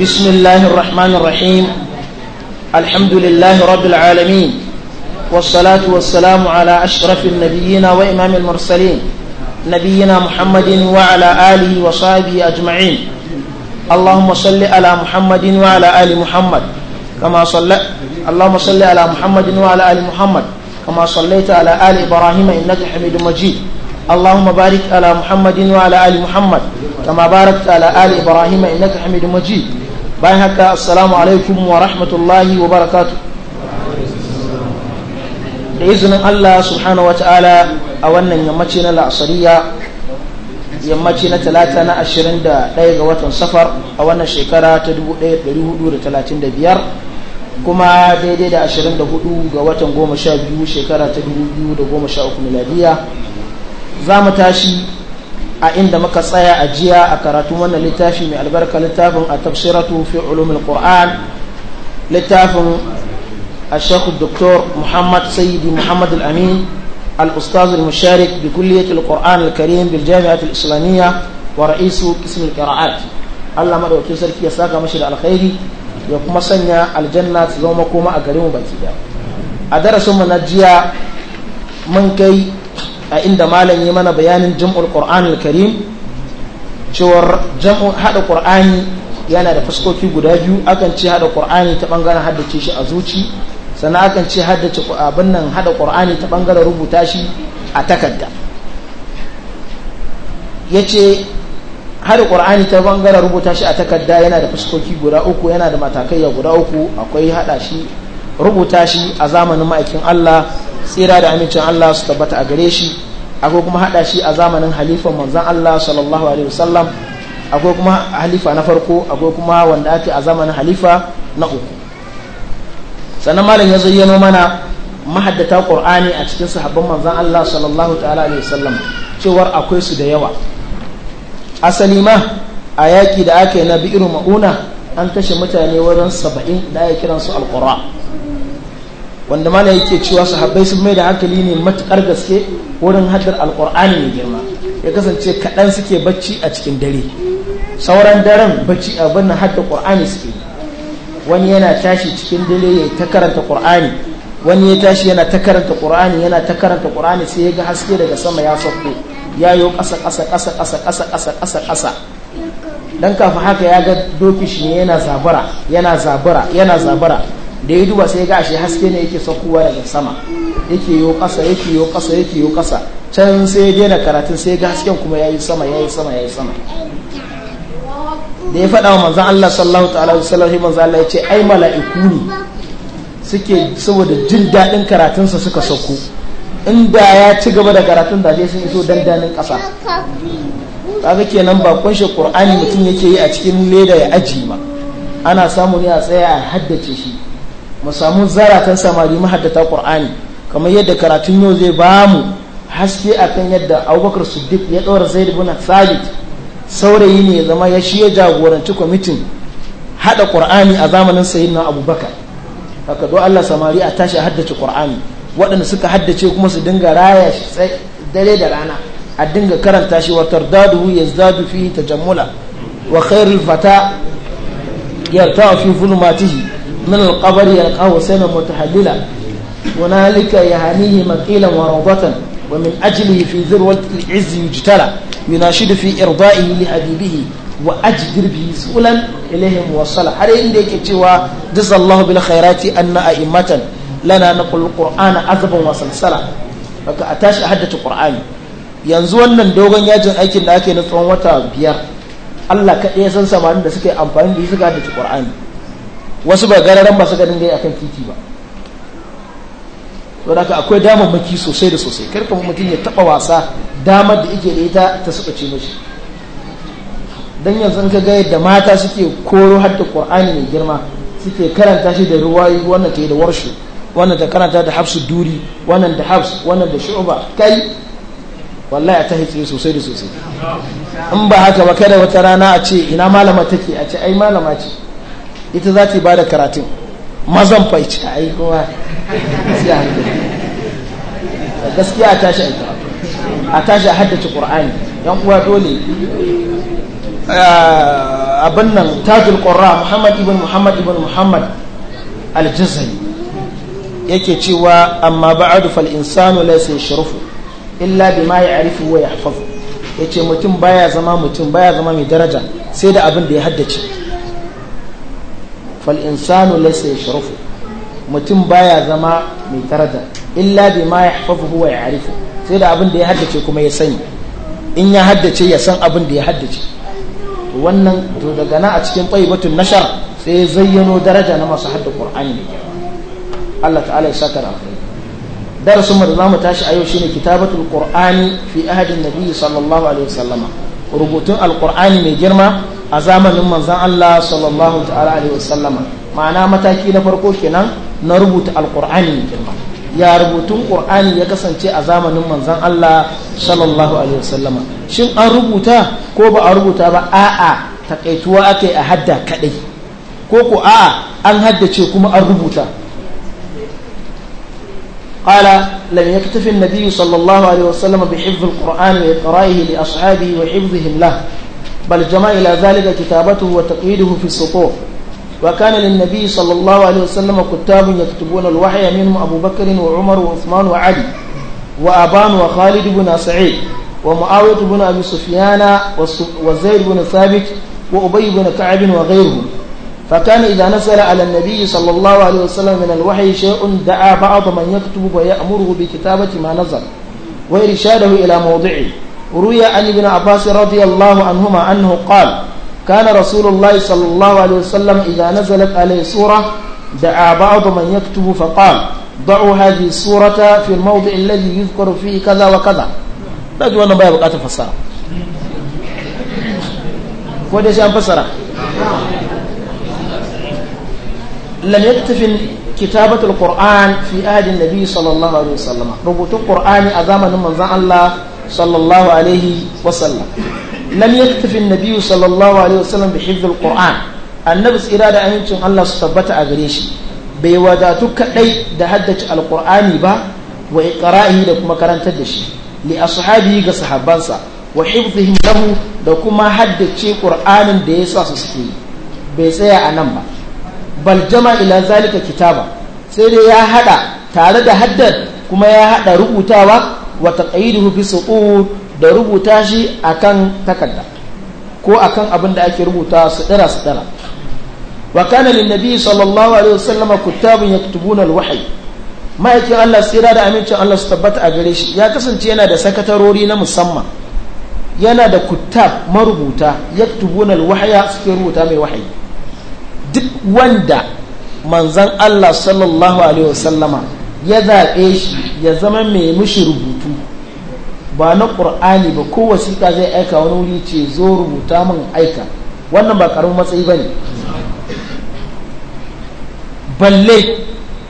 بسم الله الرحمن الرحيم الحمد لله رب العالمين والصلاة والسلام على أشرف النبيين وإمام المرسلين نبينا محمد وعلى آله وصحبه أجمعين اللهم صل على محمد وعلى آل محمد كما صلى اللهم صل على محمد وعلى آل محمد كما صليت على آل إبراهيم إنك حميد مجيد اللهم بارك على محمد وعلى آل محمد كما باركت على آل إبراهيم إنك حميد مجيد بايهك السلام عليكم ورحمة الله وبركاته بإذن الله سبحانه وتعالى أولا يمتنا العصرية يمتنا ثلاثة عشرين دقيقة وطن سفر أولا شكرا تدبو دور ثلاثين دبيار kuma daidai da 24 ga watan 12 shekara ta 2013 miladiya za mu tashi a inda muka tsaya a jiya a karatu wannan littafi mai albarka littafin a tafsiratu fi ulumin ƙwa'an littafin a shekhu doktor muhammad Sayyidi muhammad al'amin al'ustaz al-musharik bi kulliyat al-ƙwa'an al-karim bil jami'at al-islamiyya wa ra'isu kisan al-ƙira'at allah ma sarki ya saka mashi da alkhairi ya kuma sanya aljanna su zama koma a garin mu da a darasin mu na jiya mun kai a inda malam yi mana bayanin jam'ul al karim cewar jam'u hada qur'ani yana da fuskoki guda biyu akan ce hada qur'ani ta bangaren haddace shi a zuci sannan akan ce haddace abin nan hada qur'ani ta bangaren rubuta shi a takarda yace hada qur'ani ta bangaren rubuta shi a takarda yana da fuskoki guda uku yana da matakai guda uku akwai hada shi rubuta shi a zamanin ma'aikin Allah tsira da amincin Allah su tabbata a gare shi akwai kuma hada shi a zamanin halifan manzon Allah sallallahu alaihi wasallam akwai kuma halifa na farko akwai kuma wanda ake a zamanin halifa na uku sannan malam ya zayyano mana mahaddata qur'ani a cikin sahabban manzon Allah sallallahu ta'ala alaihi wasallam cewar akwai su da yawa asali ma a yaƙi da ake na na bi'iru ma'una an kashe mutane wurin saba'in da ake kiransu alƙura wanda mana yake cewa sahabbai sun mai da hankali ne matukar gaske wurin haddar alkur'ani mai girma ya kasance kaɗan suke bacci a cikin dare sauran daren bacci a birnin haddar ƙur'ani suke wani yana tashi cikin dare ya ta karanta ƙur'ani wani ya tashi yana ta karanta ƙur'ani yana ta karanta ƙur'ani sai ya ga haske daga sama ya sauko ya yi ƙasa ƙasa ƙasa ƙasa ƙasa ƙasa ƙasa ƙasa dan kafin haka ya ga doki shi yana zabara yana zabara yana zabara da ya duba sai ga ashe haske ne yake saukowa daga sama yake yo kasa yake yo kasa yake yo kasa can sai ya daina karatun sai ga hasken kuma yayi sama yayi sama yayi sama da ya faɗa wa manzan Allah sallallahu ta'ala wa sallallahu alaihi manzan Allah ya ce ai mala'iku ne suke saboda jin daɗin karatunsa suka sauko inda ya ci gaba da karatun da sun iso dandanin ƙasa kaga kenan ba kunshe qur'ani mutum yake yi a cikin leda ya aji ma ana samu ne a tsaya a haddace shi mu samu zaratan samari mahaddata qur'ani kamar yadda karatun yau zai ba mu haske akan yadda abubakar siddiq ya ɗora zaid ibn thabit saurayi ne zama ya shi ya jagoranci kwamitin haɗa ƙur'ani a zamanin na abubakar haka do Allah samari a tashi haddace kur'ani waɗanda suka haddace kuma su dinga raya dare da rana a dinga karanta shi watar ya zadu fi ta jammula wa khairul fata ta fi zulmatihi من القبر يلقاه حسينا متحللا هنالك يهانيه مقيلا وروضة ومن أجله في ذروة العز يجتلى يناشد في إرضائه لحبيبه وأجدر به سؤلا إليهم وصلا هل عندك توا جزا الله بالخيرات أن أئمة لنا نقول القرآن أذبا وسلسلا baka a tashi a haddace qur'ani yanzu wannan dogon yajin aikin da ake na tsawon wata biyar Allah kaɗai ya san samarin da suka yi amfani da suka haddace qur'ani wasu ba gararan masu ganin dinga akan titi ba saboda ka akwai maki sosai da sosai karka mutum ya taba wasa damar da yake da ita ta suka ce mashi dan yanzu ka ga yadda mata suke koro hadda qur'ani mai girma suke karanta shi da ruwayi wannan ta yi da warshu wannan ta karanta da hafsu duri wannan da hafs wannan da shu'ba kai wallahi ta hitsi sosai da sosai in ba haka ba kada wata rana a ce ina malama take a ce ai malama ce ita za ta ba da karatun mazan faici a yi kowa gaskiya a tashi a tashi a haddace ƙorani yan uwa dole eh, abin nan tajul ƙorra muhammad ibn muhammad ibn muhammad aljizai yake cewa amma ba dufa fal insanu ya yashrufu illa bi ma bima arifu wa ya ce mutum baya zama mutum baya zama mai daraja sai da abin da ya haddace fal insanu laysa yashrafu mutum baya zama mai tarada illa bima yahfazuhu wa ya'rifu sai da abin da ya haddace kuma ya sani in ya haddace ya san abin da ya haddace wannan to daga na a cikin tayyibatun nashar sai zayyano daraja na masu hadda qur'ani ne Allah ta'ala ya saka da darasin da zamu tashi a yau shine kitabatul qur'ani fi ahadin nabi sallallahu alaihi wasallama rubutun alqur'ani mai girma a zamanin manzan Allah sallallahu ta'ala alaihi wasallama ma'ana mataki na farko kenan na rubuta alkur'ani girma ya rubutun qur'ani ya kasance a zamanin manzan Allah sallallahu alaihi wasallama shin an rubuta ko ba a rubuta ba a'a takaituwa aka yi a hadda kadai ko ko a'a an haddace kuma an rubuta قال لم يكتف النبي صلى الله عليه وسلم بحفظ القرآن وإقرائه لأصحابه وحفظهم له بل جمع إلى ذلك كتابته وتقييده في السطور وكان للنبي صلى الله عليه وسلم كتاب يكتبون الوحي منهم أبو بكر وعمر وعثمان وعلي وأبان وخالد بن سعيد ومعاوية بن أبي سفيان وزيد بن ثابت وأبي بن كعب وغيرهم فكان إذا نزل على النبي صلى الله عليه وسلم من الوحي شيء دعا بعض من يكتب ويأمره بكتابة ما نزل وإرشاده إلى موضعه روي عن ابن عباس رضي الله عنهما أنه قال كان رسول الله صلى الله عليه وسلم إذا نزلت عليه سورة دعا بعض من يكتب فقال ضعوا هذه السورة في الموضع الذي يذكر فيه كذا وكذا نجو أنا بقى بقى تفسر كودي شيء فسر لم يكتف كتابة القرآن في عهد النبي صلى الله عليه وسلم ربط القرآن أزامن من الله صلى الله عليه وسلم لم يكتف النبي صلى الله عليه وسلم بحفظ القرآن النبي إرادة أن ينتم الله سبت أغريشي بيواداتو كأي دهدت القرآن با وإقرائه لكم كران تدشي لأصحابه كصحابانسا وحفظهم له لكم حدت قرآن ديسا سسكي بيسيا أنما بل جمع إلى ذلك كتابا sai dai ya hada tare da haddar kuma ya hada rubutawa wa taqayiduhu fi suqud da rubuta shi akan takarda ko akan abin da ake rubuta su dira su dira wa kana lin nabi sallallahu alaihi wasallam kutabun yaktubuna al ma'aikin Allah tsira da amincin Allah su tabbata a gare shi ya kasance yana da sakatarori na musamman yana da kuttab marubuta yaktubuna al suke rubuta mai wahayi duk wanda manzan Allah sallallahu alaihi wasallama ya zaɓe shi ya zama mai mushi rubutu ba na ƙur'ani ba ko wasiƙa zai aika wani wuri ce zo rubuta min aika wannan ba ƙaramin matsayi ba ne balle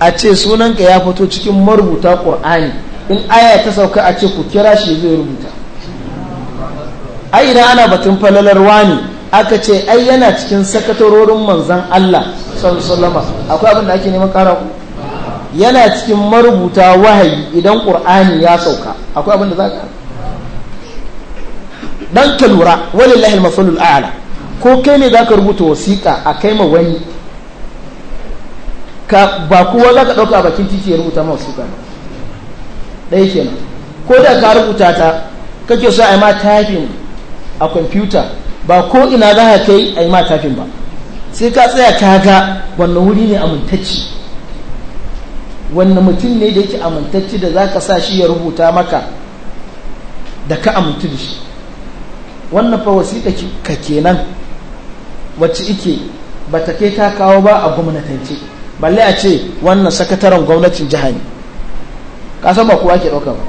a ce sunanka ya fito cikin marubuta ƙur'ani in aya ta sauka a ce ku kira shi zai rubuta ai idan ana batun falalarwa ne aka ce ai yana cikin sakatarorin manzan Allah sallallahu alaihi wasallam akwai abin da ake neman ƙara yana cikin marubuta wahayi idan ƙur'ani ya sauka akwai abin da za ka dan ka lura wani lahil masalul a'la ko kai ne za ka rubuta wasiƙa a kai ma wani ka ba za ka ɗauka a bakin titi ya rubuta ma wasiƙa ba dai kenan ko da ka rubuta ta kake so yi ma tafin a kwamfuta ba ko ina za ka kai yi ma tafin ba sai ka tsaya ka ga wannan wuri ne amintacci wanne mutum ne da yake amintacci da za ka sa shi ya rubuta maka da ka amintu da shi wannan fa wasiƙa ka kenan wacce ike ba ta kai ta kawo ba a gwamnatance balle a ce wannan sakataren gwamnatin jiha ne kasan ba kowa ke ɗauka ba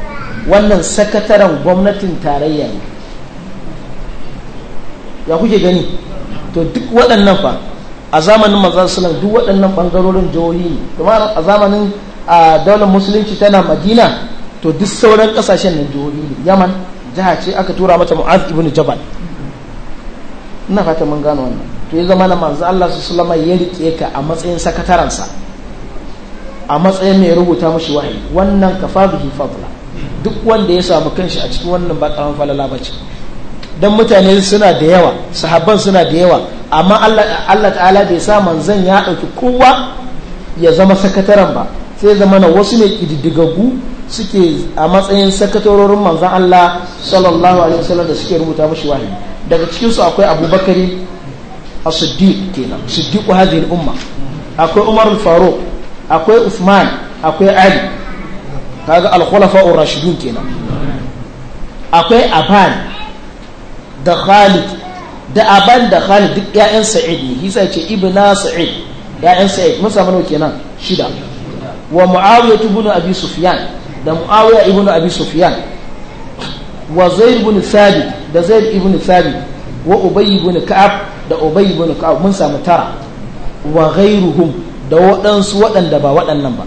wannan sakataren gwamnatin tarayya ne ya kuke gani to duk waɗannan fa a zamanin manzan sulam duk waɗannan ɓangarorin jihohi ne kuma a zamanin a daular musulunci tana madina to duk sauran kasashen nan jihohi ne yaman jiha ce aka tura mata mu'az ibn jabal ina fata mun gano wannan to ya zama na manzo Allah su sallama ya rike ka a matsayin sakataransa a matsayin mai rubuta mashi wahayi wannan ka fabihi fadla duk wanda ya samu kanshi a cikin wannan ba karamin falala ba ce dan mutane suna da yawa sahabban suna da yawa amma Allah Allah ta'ala bai sa manzon ya dauki kowa ya zama sakataren ba sai zama na wasu ne ƙididdigaggu suke a matsayin sakatarorin manzan Allah sallallahu alaihi wasallam da suke rubuta mashi wahayi daga cikinsu akwai abubakari a siddiq kenan siddiqu hadhihi umma akwai umar al-faruq akwai usman akwai ali kaga al-khulafa ar-rashidun kenan akwai aban da khalid da aban da khalid duk ya'yan sa'id ne hisa ce ibna sa'id ya'yan sa'id mun samu nawa kenan shida wa mu'awiyah ibn abi sufyan da mu'awiyah ibn abi sufyan wa zaid ibn thabit da zaid ibn thabit wa ubay ibn ka'ab da ubay ibn ka'ab mun samu tara wa ghayruhum da waɗansu waɗanda ba waɗannan ba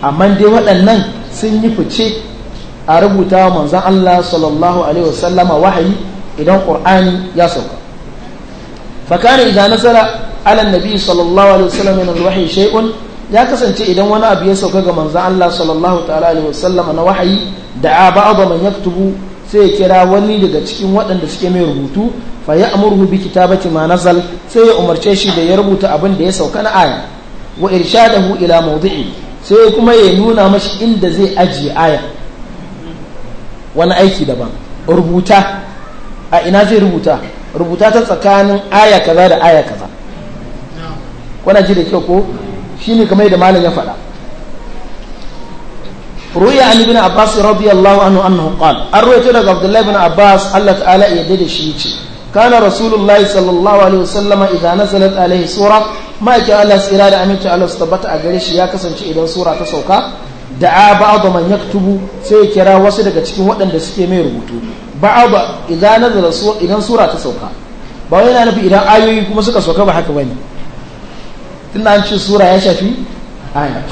amma dai waɗannan sun yi fice a rubuta manzan Allah sallallahu alaihi wasallama wahayi idan qur'ani ya sauka fakana idan nasara ala nabi sallallahu alaihi wasallam min alwahyi shay'un ya kasance idan wani abu ya sauka ga manzan Allah sallallahu ta'ala alaihi wasallam na wahayi da a ba ba man yaktubu sai ya kira wani daga cikin waɗanda suke mai rubutu fa ya amurhu bi kitabati ma nazal sai ya umarce shi da ya rubuta abin da ya sauka na aya wa irshadahu ila mawdi'i sai kuma ya nuna mashi inda zai ajiye aya wani aiki daban rubuta a ina zai rubuta rubuta ta tsakanin aya kaza da aya kaza kuna ji da kyau ko ne kamar da malam ya faɗa ruya an ibn abbas radiyallahu anhu annahu qala an ruwaito daga abdullahi ibn abbas Allah ta'ala ya dade da shi yace kana rasulullahi sallallahu alaihi wasallam idan nazalat alaihi sura ma yake Allah tsira da aminta Allah su tabbata a gare shi ya kasance idan sura ta sauka da'a ba'd man yaktubu sai ya kira wasu daga cikin waɗanda suke mai rubutu ba'd idan nazala idan sura ta sauka ba wai yana nufi idan ayoyi kuma suka sauka ba haka bane tunda an ce sura ya shafi aya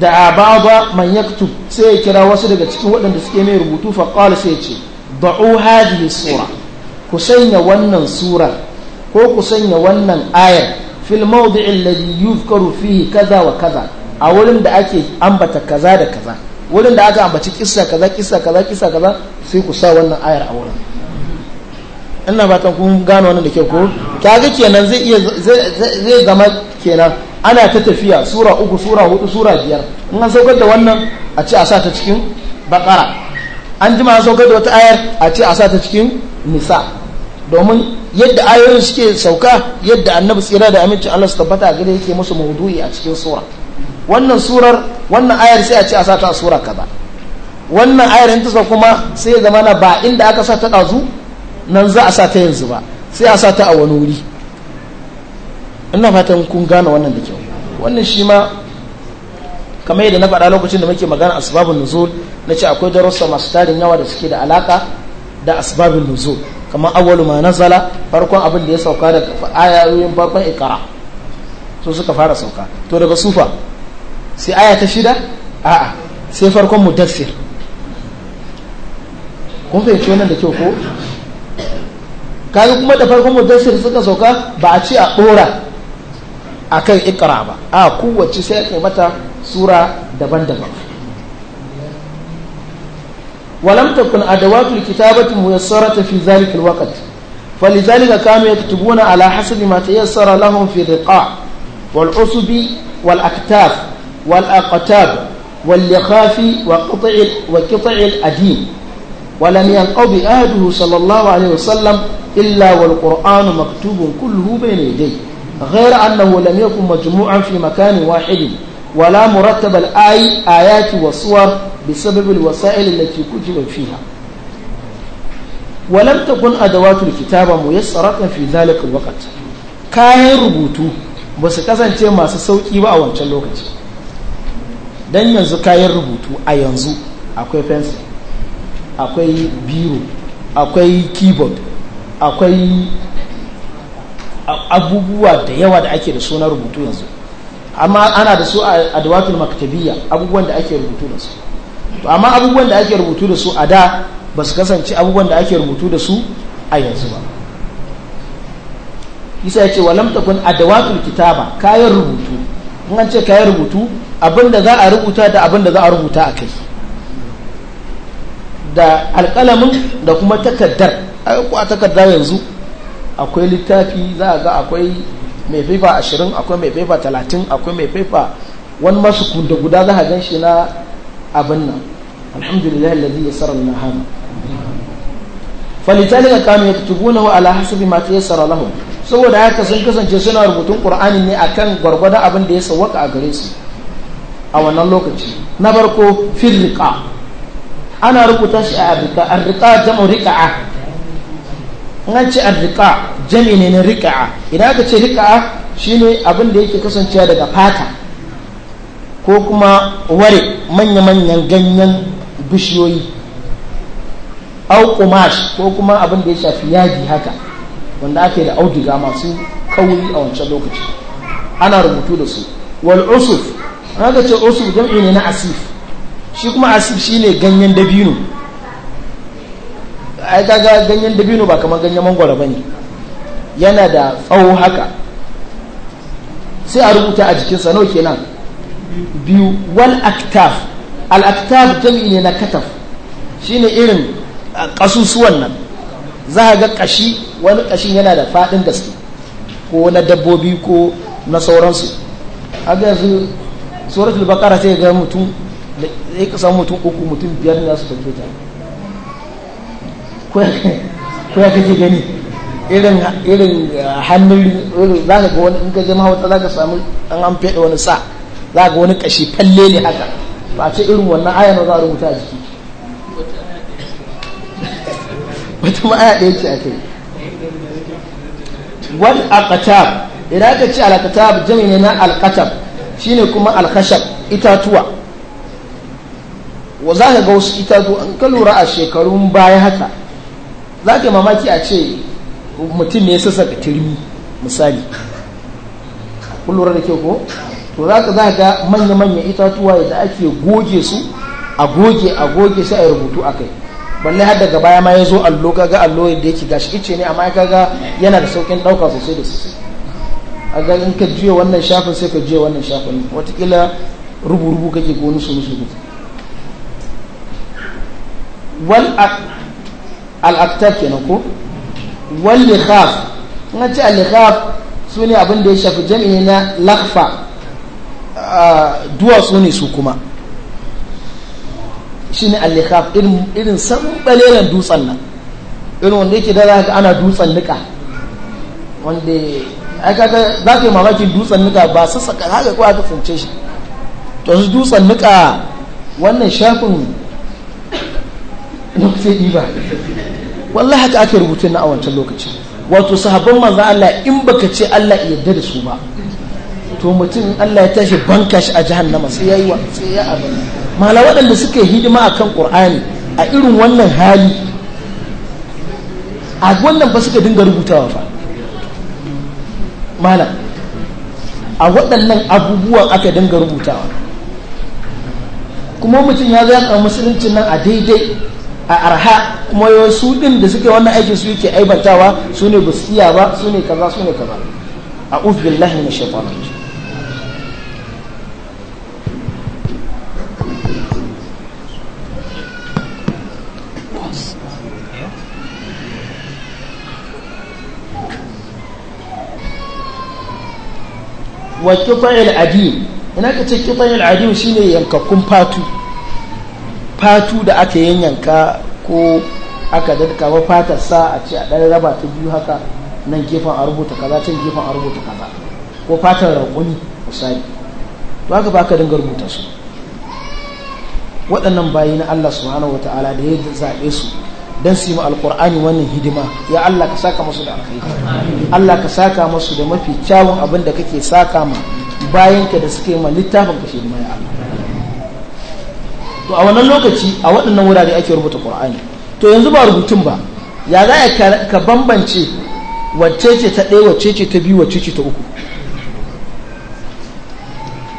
da ababa man yaktub sai ya kira wasu daga cikin waɗanda suke mai rubutu fa sai ce da'u hadhihi sura ku sanya wannan sura ko ku sanya wannan ayar fil mawdi'i alladhi yuzkaru fihi kaza wa kaza a wurin da ake ambata kaza da kaza wurin da aka ambaci kissa kaza kissa kaza kissa kaza sai ku sa wannan ayar a wurin ina fatan kun gano wannan da ke ko kaga kenan zai iya zai zama kenan ana ta tafiya sura uku sura hudu sura biyar in an saukar da wannan a ce a sa ta cikin bakara an jima an saukar da wata ayar a ce a sa ta cikin nisa domin yadda ayoyin suke sauka yadda annabi tsira da amincin Allah su tabbata gare yake musu maudu'i a cikin sura wannan surar wannan ayar sai a ce a sa ta a sura kaza wannan ayar in ta kuma sai ya zama na ba inda aka sa ta dazu nan za a sa ta yanzu ba sai a sa ta a wani wuri ina fatan kun gane wannan da kyau wannan shi ma kamar yadda na faɗa lokacin da muke magana asbabun nuzul na ce akwai darussa masu tarin yawa da suke da alaka da asbabun nuzul kamar awwalu ma nazala farkon abin da ya sauka daga ayoyin farkon ikara to suka fara sauka to daga sufa sai aya ta shida a'a sai farkon mudassir kun fahimci wannan da kyau ko kayi kuma da farkon mudassir suka sauka ba a ce a ɗora a kan ba a kowace sai ka mata sura daban-daban walamta kun adawatul kitabati muyassara ta fi zalikul waqt falizalika kanu yaktubuna ala hasabi ma tayassara lahum fi riqa wal usbi wal aktaf wal aqtab wal lihafi wa qati'il wa qati'il adim ولم ينقض عهده صلى الله عليه وسلم إلا والقرآن مكتوب كله بين يديه غير أنه لم يكن مجموعا في مكان واحد ولا مرتب الآي آيات وصور بسبب الوسائل التي كتب فيها ولم تكن أدوات الكتابة ميسرة في ذلك الوقت كاين ربوتو بس كسان تيما سسوكي بأوان تلوكتي دن ينزو كاين ربوتو أينزو أكوي فنسي akwai biro akwai keyboard akwai abubuwa da yawa da ake da su na rubutu yanzu amma ana da su a dawatul maktabiya abubuwan da ake rubutu da su to amma abubuwan da ake rubutu da su a da ba su kasance abubuwan da ake rubutu da su a yanzu ba isa ya ce kun a adawatul kitaba kayan rubutu in an ce kayan rubutu abinda za a rubuta da abinda za a rubuta a kai da alƙalamin da kuma takardar a takarda yanzu akwai littafi za a ga akwai mai faifa ashirin akwai mai faifa talatin akwai mai faifa wani masu kunda guda za a gan shi na abin nan alhamdulillah falitali yassara lana ya fito gona wa ala hasabi ma tayassara lahum saboda haka sun kasance suna rubutun qur'ani ne akan gwargwadon abin da ya sauwaka a gare su a wannan lokaci na farko firrika ana rubuta shi a arrika arrika jam'u rika'a an ce arrika jami ne na rika'a idan aka ce rika'a shine abin da yake kasancewa daga fata ko kuma ware manya-manyan ganyen bishiyoyi au kumash ko kuma abin da ya shafi yadi haka wanda ake da auduga masu kauri a wancan lokaci ana rubutu da su wal usuf haka ce usuf jam'i ne na asif shi kuma asib shine ganyen dabino ai kaga ganyen dabino ba kamar ganyen mangwara ne yana da tsawo haka sai a rubuta a jikin jikinsa nawa kenan biyu wal aktaf al aktaf jami'i ne na kataf shine irin kasusuwan nan za a ga kashi wani kashin yana da faɗin gaske ko na dabbobi ko na sauransu a ga yanzu suratul bakara sai ga mutum zai ka samu mutum uku mutum biyar ne za su dauke ko ya kake gani irin irin ah, hannun za ka ga wani in ka je mahauta za ka samu an an fede wani sa za ga wani kashi falle ne haka ba ce irin wannan aya za a rubuta a jiki wata ma aya ɗaya ce a kai wal aqtab idan ka ce al aqtab ne na al shine kuma al itatuwa wa za ka ga wasu itatu an ka lura a shekarun baya haka za ka mamaki a ce mutum ne sassa ka turmi misali kun lura da ke ko to za ka za ga manya-manya itatuwa da ake goge su a goge a goge sai a yi rubutu a kai balle har daga baya ma ya zo allo ka ga allo yadda yake gashi ice ne amma kaga yana da saukin ɗauka sosai da sosai a ga in ka juya wannan shafin sai ka juya wannan shafin watakila rubu-rubu kake ko nusu-nusu wal al'akta kenan ko wal'ikhaf na ce al'ikhaf su ne abin da ya shafi jami'i na lakfa duwatsu ne su kuma shi ne al'ikhaf likhaf irin sanɓalelen dutsen nan irin wanda yake da za ana dutsen nika wanda aikaka za ka yi mamakin dutsen nika ba su saka haka kuwa ta tsince shi to su dutsen nika wannan shafin na sai ɗiba wallahi haka ake rubutun na a wancan lokaci wato sahabban manzo Allah in baka ce Allah ya yarda da su ba to mutum Allah ya tashi banka shi a jahannama sai yayi wa sai ya abin mala waɗanda suke hidima akan Qur'ani a irin wannan hali a wannan ba suka dinga rubutawa fa mala a waɗannan abubuwan aka dinga rubutawa kuma mutum ya zaka musulunci nan a daidai a arha kuma yau su din da suke wannan aikin su yake aibantawa su ne ba su iya ba su ne kaza su ne kaza a uf billahi na shaitan wa kitayil adim ina ka ce kitayil adim shine yankakkun fatu fatu da aka yanyanka ko aka dadka ba fatar sa a ce a ɗan raba ta biyu haka nan gefen a rubuta kaza can gefen a rubuta kaza ko fatar rauni misali to haka ba ka dinga rubuta su waɗannan bayi na Allah subhanahu wa ta'ala da ya zaɓe su don su yi alƙur'ani wannan hidima ya Allah ka saka masu da alkhairi Allah ka saka masu da mafi kyawun abin da kake saka ma bayanka da suke ma littafin ka shi ya Allah to a wannan lokaci a waɗannan wurare ake rubuta qur'ani to yanzu ba rubutun ba ya za ka bambance wacce ce ta ɗaya wacce ce ta biyu wacce ce ta uku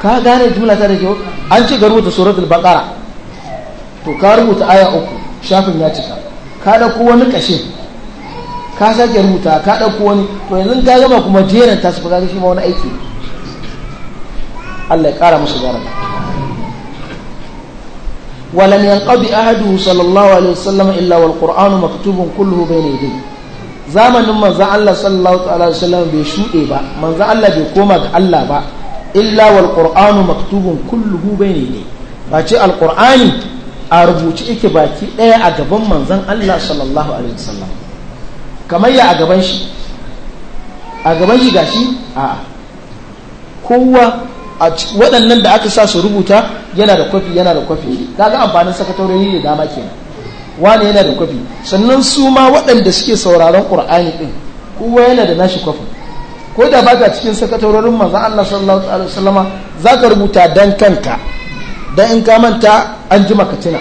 ka gane jumla ta da kyau an ce ga rubuta al baqara to ka rubuta aya uku shafin ya cika ka ɗauko wani kashe ka sake rubuta ka ɗauko wani to yanzu ka gama kuma jeran ta su ka shi ma wani aiki Allah ya ƙara musu garaba ولم ينقضي أحده صلى الله عليه وسلم إلا والقرآن مكتوب كله بين يديه zamanin Allah sallallahu bai shuɗe ba manzan Allah bai koma ga Allah ba illa wal qur'anu maktubun kulluhu bayni ne ba a rubuce yake baki ɗaya a gaban manzan Allah sallallahu kamar ya a gaban shi a gaban shi gashi a kowa waɗannan da aka sa su rubuta yana da kwafi yana da kwafi kaga amfanin sakatorori da dama kenan wani yana da kwafi sannan su ma waɗanda suke sauraron qur'ani ɗin kowa yana da nashi kwafi ko da ba ka cikin sakatorin manzon Allah sallallahu alaihi wasallama ka rubuta dan kanka dan in ka manta an ji ka tuna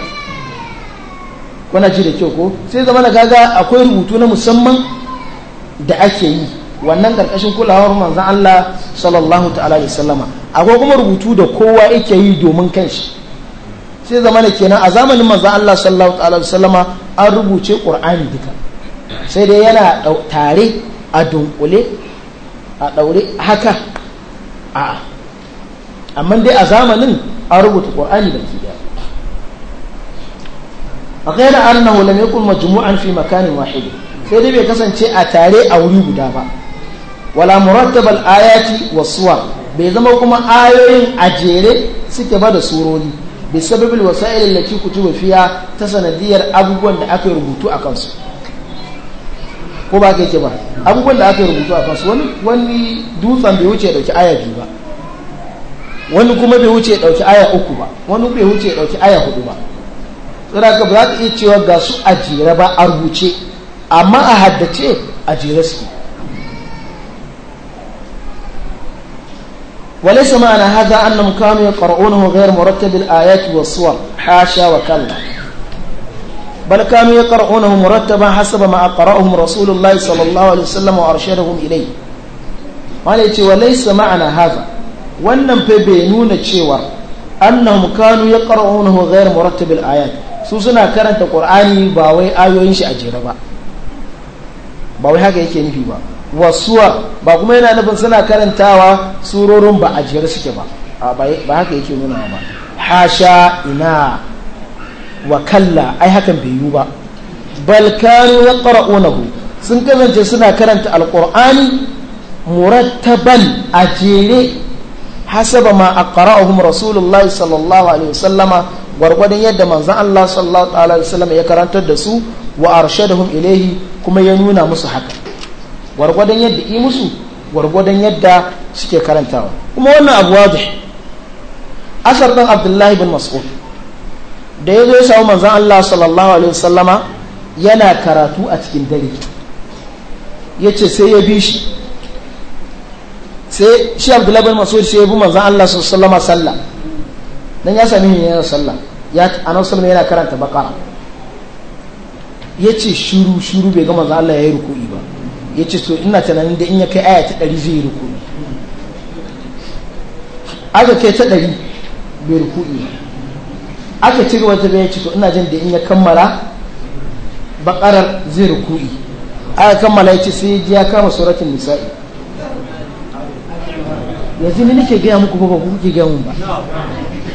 kuna ji da kyau ko sai zama da kaga akwai rubutu na musamman da ake yi wannan karkashin kulawar manzan Allah sallallahu ta'ala da sallama akwai kuma rubutu da kowa yake yi domin kanshi sai zamana kenan a zamanin manzan Allah sallallahu ta'ala da sallama an rubuce ƙur'ani duka sai dai yana tare a dunkule a daure haka a amma dai a zamanin an rubuta Qur'ani baki daya غير أنه لم يكن مجموعا fi makanin wahidi sai dai bai kasance a tare a wuri guda ba wala murattabal ayati wasuwar bai zama kuma ayoyin a jere suke ba da surori bi sababil wasa'il allati kutiba fiha ta sanadiyar abubuwan da aka rubutu akan su ko ba kake ba abubuwan da aka rubutu akan su wani wani dutsen bai wuce dauki aya biyu ba wani kuma bai wuce dauki aya uku ba wani bai wuce dauki aya hudu ba tsara ka ba za ta iya cewa ga su a ba a rubuce amma a haddace a jere suke وليس معنى هذا أنهم كانوا يقرؤونه غير مرتب الآيات والصور حاشا وكلا بل كانوا يقرؤونه مرتبا حسب ما قرأهم رسول الله صلى الله عليه وسلم وأرشدهم إليه malaci wa laisa ma'ana wannan fa bai nuna cewa annahum kanu yaqra'unahu ghayr murattab al-ayat su suna karanta qur'ani ba wai ayoyin shi a jere ba ba wai haka yake nufi ba wasuwa ba kuma yana nufin suna karantawa surorin ba a jiyar suke ba ba haka yake nuna ba hasha ina wa kalla ai hakan bai yiwu ba bal kanu yaqra'unahu sun kasance suna karanta Alƙur'ani murattaban a jere hasaba ma aqra'ahum rasulullah sallallahu alaihi wasallama gwargwadon yadda manzan Allah sallallahu alaihi wasallama ya karantar da su wa arshadahum ilaihi kuma ya nuna musu haka gwargwadon yadda yi musu gwargwadon yadda suke karantawa kuma wannan abu wadih asar ɗan abdullahi bin mas'ud da ya zo ya samu manzan allah sallallahu alaihi wasallama yana karatu a cikin dare ya ce sai ya bi shi sai shi abdullahi bin mas'ud sai ya bi manzan allah sallallahu alaihi wasallama sallah dan ya sami ne yana sallah ya anan sallama yana karanta bakara ya ce shuru shuru bai ga manzan allah ya yi ruku'i ba ya ce so ina tunanin da in ya kai aya ta ɗari zai ruku aka kai ta ɗari bai ruku'i aka ci gaba ta ya so ina jin da in ya kammala bakarar zai ruku'i aka kammala ya ce sai ya kama suratun nisa'i yanzu ni nake gaya muku ba ku kuke gaya mun ba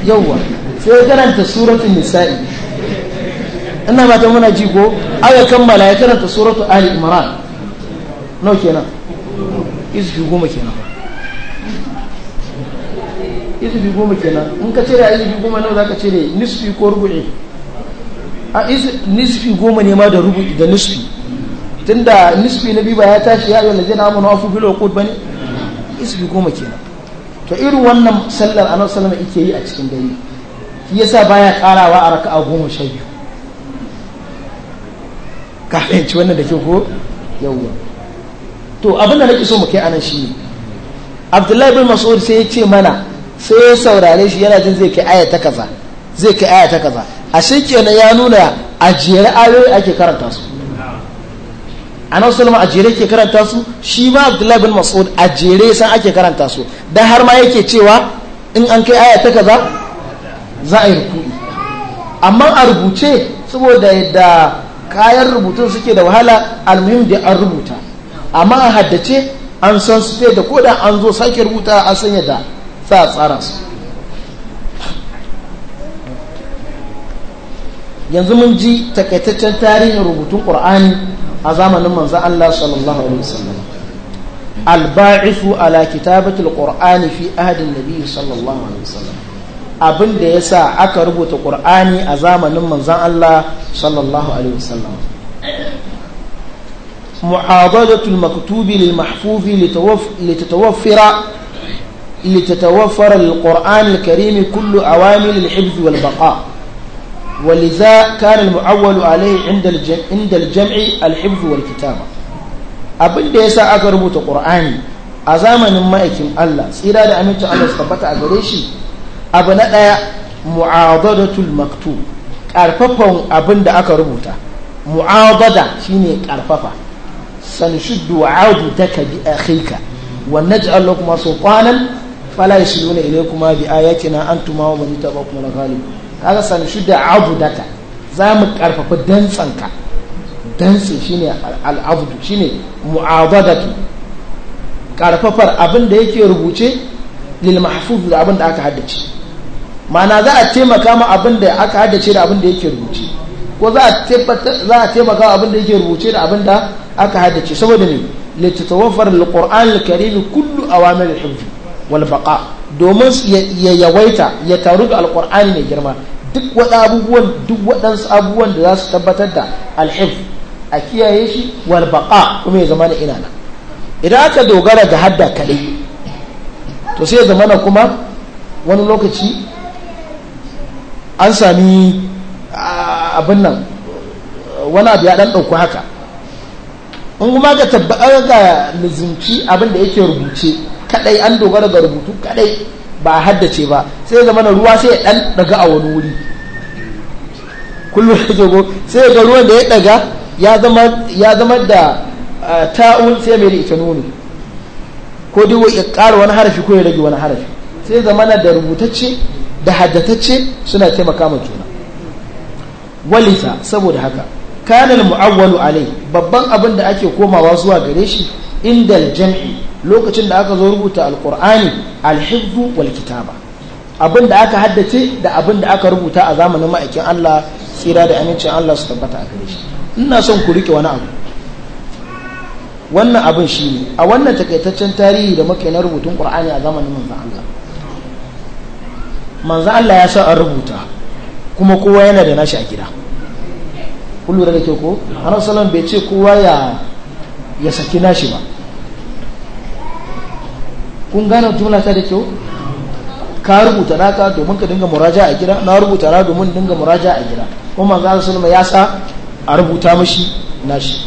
yawwa sai ya karanta suratun nisa'i ina ba ta muna ji ko aka kammala ya karanta suratun ali imran nawa kenan izufi goma kenan izufi goma kenan in ka cire a izufi goma nawa za ka cire nisfi ko rubu'i a nisfi goma ne ma da rubu'i da nisfi tunda nisfi na biyu ba ya tashi ya yi lajina amina na amonu ko ba ne isbi goma kenan to irin wannan sallar a sallar ike yi a cikin dare shi yasa baya karawa a a goma sha biyu ka fahimci wannan da ke ko yawwa to abin da nake so mu kai anan shi abdullahi bin mas'ud sai ya ce mana sai ya saurare shi yana jin zai kai aya ta kaza zai kai aya ta kaza shi kenan ya nuna a jere ake karanta su ana sulma a jere ke karanta su shi ma abdullahi bin mas'ud a jere san ake karanta su dan har ma yake cewa in an kai aya ta kaza za a yi ruku'i amma a rubuce saboda yadda kayan rubutun suke da wahala almuhim da an rubuta amma a haddace an san su sai da koda an zo sake rubuta a sanya da sa tsara su yanzu mun ji takaitaccen tarihin rubutun ƙur'ani a zamanin manzan Allah sallallahu alaihi wasallam alba'isu ala kitabatul qur'ani fi ahadin nabi sallallahu alaihi wasallam abinda ya sa aka rubuta ƙur'ani a zamanin manzan Allah sallallahu alaihi wasallam معاضدة المكتوب للمحفوظ لتتوفر لتتوفر للقرآن الكريم كل عوامل الحفظ والبقاء ولذا كان المعول عليه عند الجمع, عند الجمع الحفظ والكتابة abin da ya sa aka rubuta ƙur'ani a zamanin ma'aikin Allah tsira da amincin Allah su a gare shi abu na ɗaya maktub ƙarfafan abin da aka rubuta mu'adada shine ƙarfafa sanishuddu audaka bi akhika wa naj'al lakum sultanan fala yashiduna ilaykuma bi ayatina antuma wa man tabi'akum al-ghalib kaga sanishuddu audaka za mu karfafa dantsanka dantsi shine al-abdu shine mu'adadatu karfafar abin da yake rubuce lil mahfuz aka haddace ma'ana a taimaka ma abin aka haddace da abinda yake rubuce ko za a taimaka abin da yake rubuce da abin da aka haddace saboda ne littattafar alquran alkarim kullu awamir alhifz wal baqa domin ya yawaita ya taru da alqur'ani mai girma duk duk waɗansu abubuwan da za su tabbatar da alhifz a kiyaye shi wal baqa kuma ya zama ina na idan aka dogara da hadda kaɗai to sai ya zama kuma wani lokaci an sami abin nan wani abu ya dan ɗauku haka in kuma ga tabbatar ga lizinci abin da yake rubuce kadai an dogara ga rubutu kadai ba haddace ba sai ga mana ruwa sai ya dan daga a wani wuri kullum ya jogo sai ga ruwan da ya daga ya zama da ta'un sai mai da ita nuni ko dai ya ƙara wani harafi ko ya rage wani harafi sai zama da rubutacce da haddatacce suna taimaka ma juna walisa saboda haka kanal mu'awwalu alai babban abin da ake komawa zuwa gare shi indal jam'i lokacin da aka zo rubuta alqur'ani alhifzu wal kitaba abin da aka haddace da abin da aka rubuta a zamanin ma'aikin Allah tsira da amincin Allah su tabbata a gare shi ina son ku rike wani abu wannan abin shi ne a wannan takaitaccen tarihi da muke na rubutun qur'ani a zamanin manzon Allah manzon Allah ya sa an rubuta kuma kowa yana da nashi a gida kun da ke ko annabi sallam bai ce kowa ya ya saki nashi ba kun gane jumla ta da kyau ka rubuta naka domin ka dinga muraja a gida na rubuta na domin dinga muraja a gida kuma manzo sallallahu ya sa a rubuta mashi nashi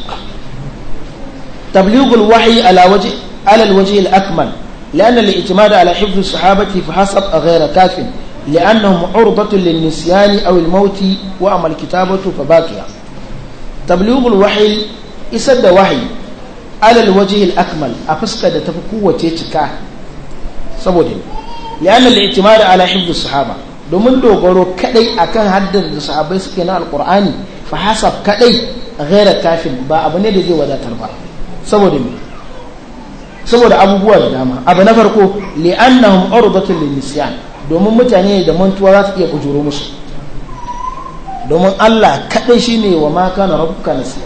tablighul wahyi ala waji ala alwajhi da لأن su على fi الصحابة a غير kafin. لأنهم عرضة للنسيان أو الموت وأما الكتابة فباقية تبليغ الوحي إسد وحي على الوجه الأكمل أفسك تفكو وتيتكا سبودين لأن الاعتماد على حفظ الصحابة domin dogaro kadai akan haddar da sahabbai suke na alkur'ani fa hasab kadai ghaira kafin ba abu da zai wadatar ba saboda me abubuwa da dama abu na farko li'annahum urdatun lin domin mutane da mantuwa za ta iya kujuru musu domin Allah kaɗai shi ne wa maka na rabuka na siya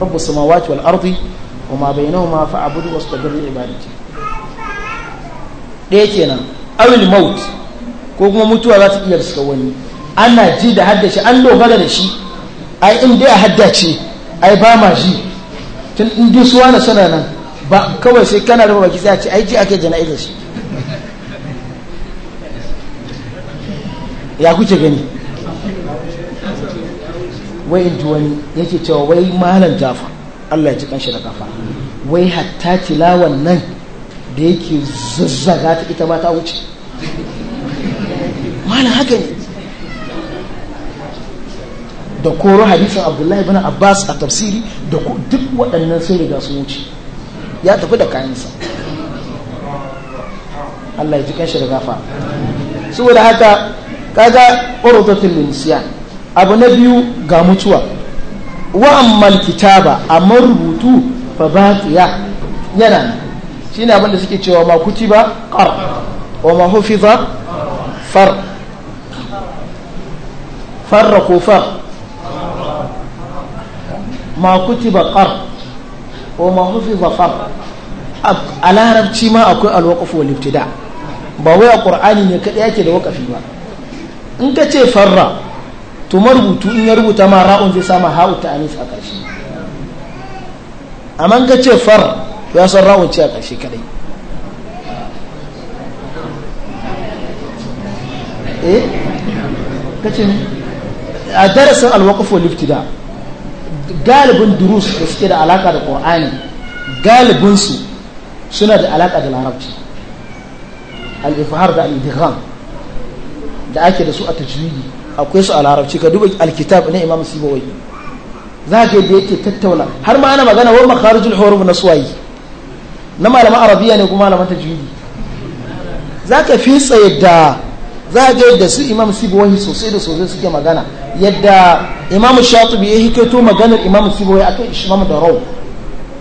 rabu wace wal ardi wa ma bai nau ma da wasu tabirin ibadati ɗaya nan awil maut ko kuma mutuwa za ta iya riska wani ana ji da haddace an dogara da shi ai in dai a haddace ai ba ma ji tun in duk suwa na sana nan ba kawai sai kana da baki sai a ce ai ji ake jana'izar shi ya kuce gani wai in wani yake cewa wai malam jafa Allah ya ci kanshi da kafa wai hatta tilawan nan da yake zazzaga ta ita ma ta wuce malam haka ne da koro hadisin abdullahi bin abbas a tafsiri da duk waɗannan sun riga sun wuce ya tafi da kayansa Allah ya ji kanshi da gafa saboda haka kaga urdatul linsiyan abu na biyu ga mutuwa wa ammal kitaba amma rubutu fa baqiya yana shi shine abinda da suke cewa ma kutiba qar wa ma hufiza far farra ko far ma kutiba qar wa ma hufiza far a larabci ma akwai alwaqfu wal ibtida ba wai a qur'ani ne kadai yake da waqafi ba in ka ce farra to marubutu in ya rubuta ma ra'un zai sama ha'u ta alif a ƙarshe amma in ka ce far ya san ra'un ce a ƙarshe kadai eh ka ce ne a darasin alwakufo wal iftida galibin durus da suke da alaka da qur'ani galibinsu suna da alaka da larabci al-ifhar da al-idgham da ake da su a tajribi akwai su a larabci ka duba alkitab na imam sibawai za ka da yake tattauna har ma ana magana wa makharijul horon na suwayi na malama arabiya ne kuma malaman tajribi za ka fi tsaye da za ka da su imam sibawai sosai da sosai suke magana yadda imam shatubi ya hikato maganar imam sibawai akan ishmam da rawu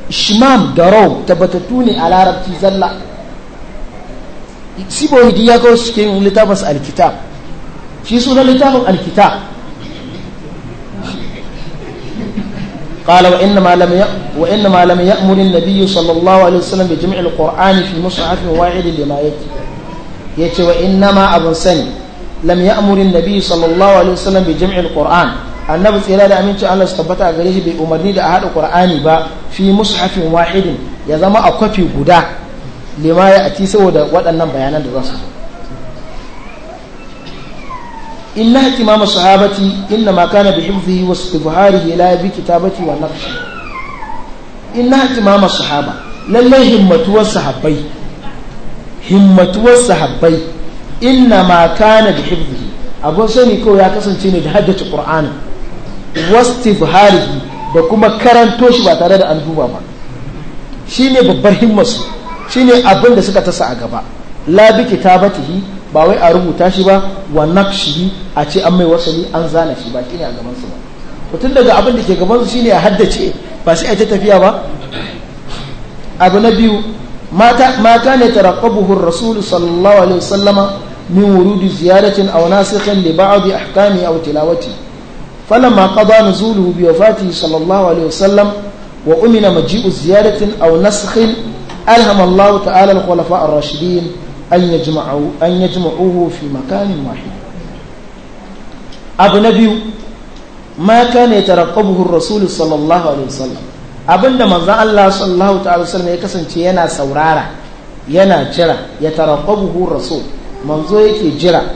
ishmam da rau tabbatattu ne a larabci zalla sibawai ya kawo cikin littafinsa alkitab shi sunan littafin alkita qala wa inna ma lam ya'muru an-nabiyyu sallallahu alaihi wasallam bi jam'i al-qur'ani fi mus'haf wa'id lima yati yace wa inna ma abun sani lam ya'muru an-nabiyyu sallallahu alaihi wasallam bi jam'i al-qur'an annabi tsira da aminci Allah su tabbata a gare shi bai umarni da a haɗa qur'ani ba fi mus'haf wahid ya zama a kwafi guda lima yati saboda waɗannan bayanan da za su zo إلا اهتمام الصحابة إنما كان بحفظه واستظهاره لا بكتابته والنقش إلا اهتمام الصحابة للي همتوا الصحابي همتوا الصحابي إنما كان بحفظه أبو سني كو يا كسن سني هدى القرآن واستظهاره بكما كرن توش باتارد أن دوبا شيني ببرهم مصر shine abin da suka tasa a gaba la bi kitabatihi ba wai a rubuta shi ba wa nakshi a ce an mai wasali an zana shi ba shine a gaban su ba to daga abin da ke gaban su shine a haddace ba sai a ta tafiya ba abu na biyu mata mata ne taraqqabuhu ar-rasul sallallahu alaihi wasallama min wurudi ziyaratin aw nasikhin li ba'd ahkami aw tilawati falamma qada nuzuluhu bi wafatihi sallallahu alaihi wasallam wa umina maji'u ziyaratin aw nasikhin alhama Allah ta'ala al-khulafa ar-rashidin an yaji ma'uhu fi makanin wahid abu na biyu ma ne yataraqqabuhu ar rasulu sallallahu alaihi wasallam abinda manzan Allah sallallahu ta'ala wasallam ya kasance yana saurara yana jira ya taraqqabuhu ar-rasul manzo yake jira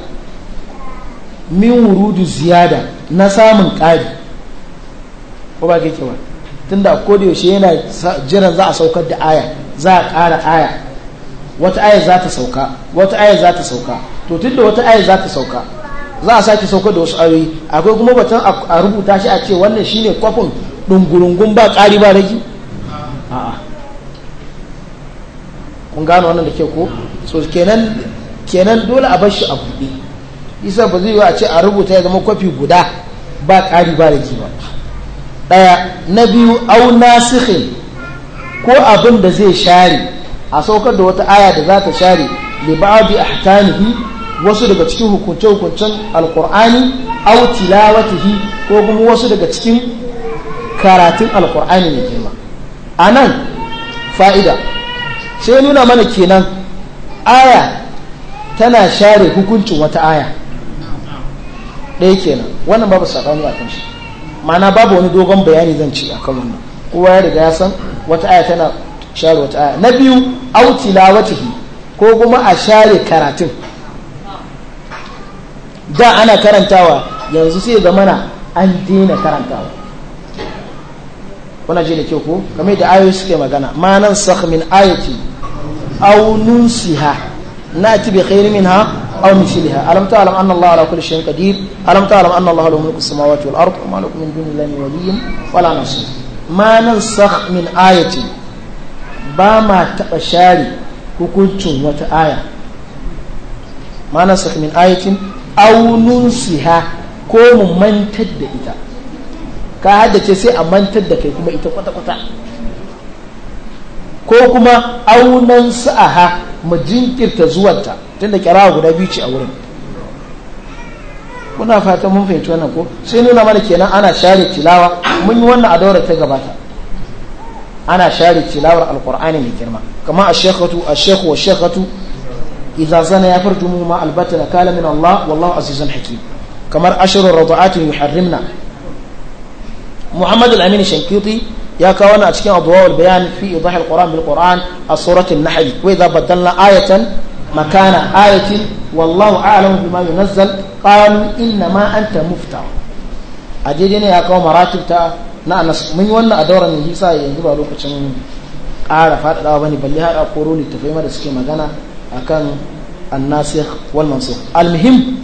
min wurudu ziyada na samun ƙari ko ba ke kewa tunda ko da yaushe yana jiran za a saukar da aya za a ƙara aya wata aya za ta sauka wata aya za ta sauka to tun da wata aya za ta sauka za a sake sauka da wasu ayoyi akwai kuma batun a rubuta shi a ce wannan shine kwafin dungurungun ba ƙari ba ragi a'a kun gano wannan da ke ko so kenan kenan dole a bar shi a buɗe isa ba zai yi a ce a rubuta ya zama kwafi guda ba ƙari ba ragi ba ɗaya na biyu au nasihin ko abin da zai share a saukar da wata aya da za ta share bi a hatanihi wasu daga cikin hukunce hukuncen alqur'ani lawata hi ko kuma wasu daga cikin karatun alkur'ani ne girma nan fa'ida sai nuna mana kenan aya tana share hukuncin wata aya ɗaya kenan wannan babu saɓani a kan shi ma'ana babu wani dogon bayani zan ci a kan wannan kowa ya riga ya san wata aya tana share wata aya na biyu au tilawatihi ko kuma a share karatun da ana karantawa yanzu sai mana an daina karantawa kuna ji da kyau ko kamar da ayoyi suke magana ma nan sakh ayati aw nunsiha nati bi khairin minha aw misliha alam ta'lam anna allaha ala kulli shay'in qadir alam ta'lam anna allaha lahu mulku samawati wal ardi wa ma lakum min dunillahi min waliyyin wala nasir ma nan sakh min ayati ba ma taɓa share hukuncin wata aya mana min ayatin aunun siha ko mu mantar da ita ka haddace sai a mantar da kai kuma ita kwata-kwata ko kuma aunan sa'aha mu jinkirta zuwanta tunda kirawa guda biyu ce a wurin kuna fatan mun fahimci wannan ko sai nuna mana kenan ana share tilawa mun yi wannan a daura ta gabata أنا شارك تلاوة القرآن الكريم كما الشيخة الشيخ والشيخة إذا زنى يفرجموا ما البتن قال من الله والله عزيز حكيم كما أشر الرضعات يحرمنا محمد الأمين الشنكيطي يا كونا أتكين أضواء البيان في إضاحة القرآن بالقرآن الصورة النحل وإذا بدلنا آية مكان آية والله أعلم بما ينزل قالوا إنما أنت مفتر أجدني يا كوانا مراتب تأه na anas mun yi wannan a daura mai hisa yanzu ba lokacin ƙara faɗaɗawa ba ne balle a koro littafai mara suke magana a akan annasir wannan su almuhim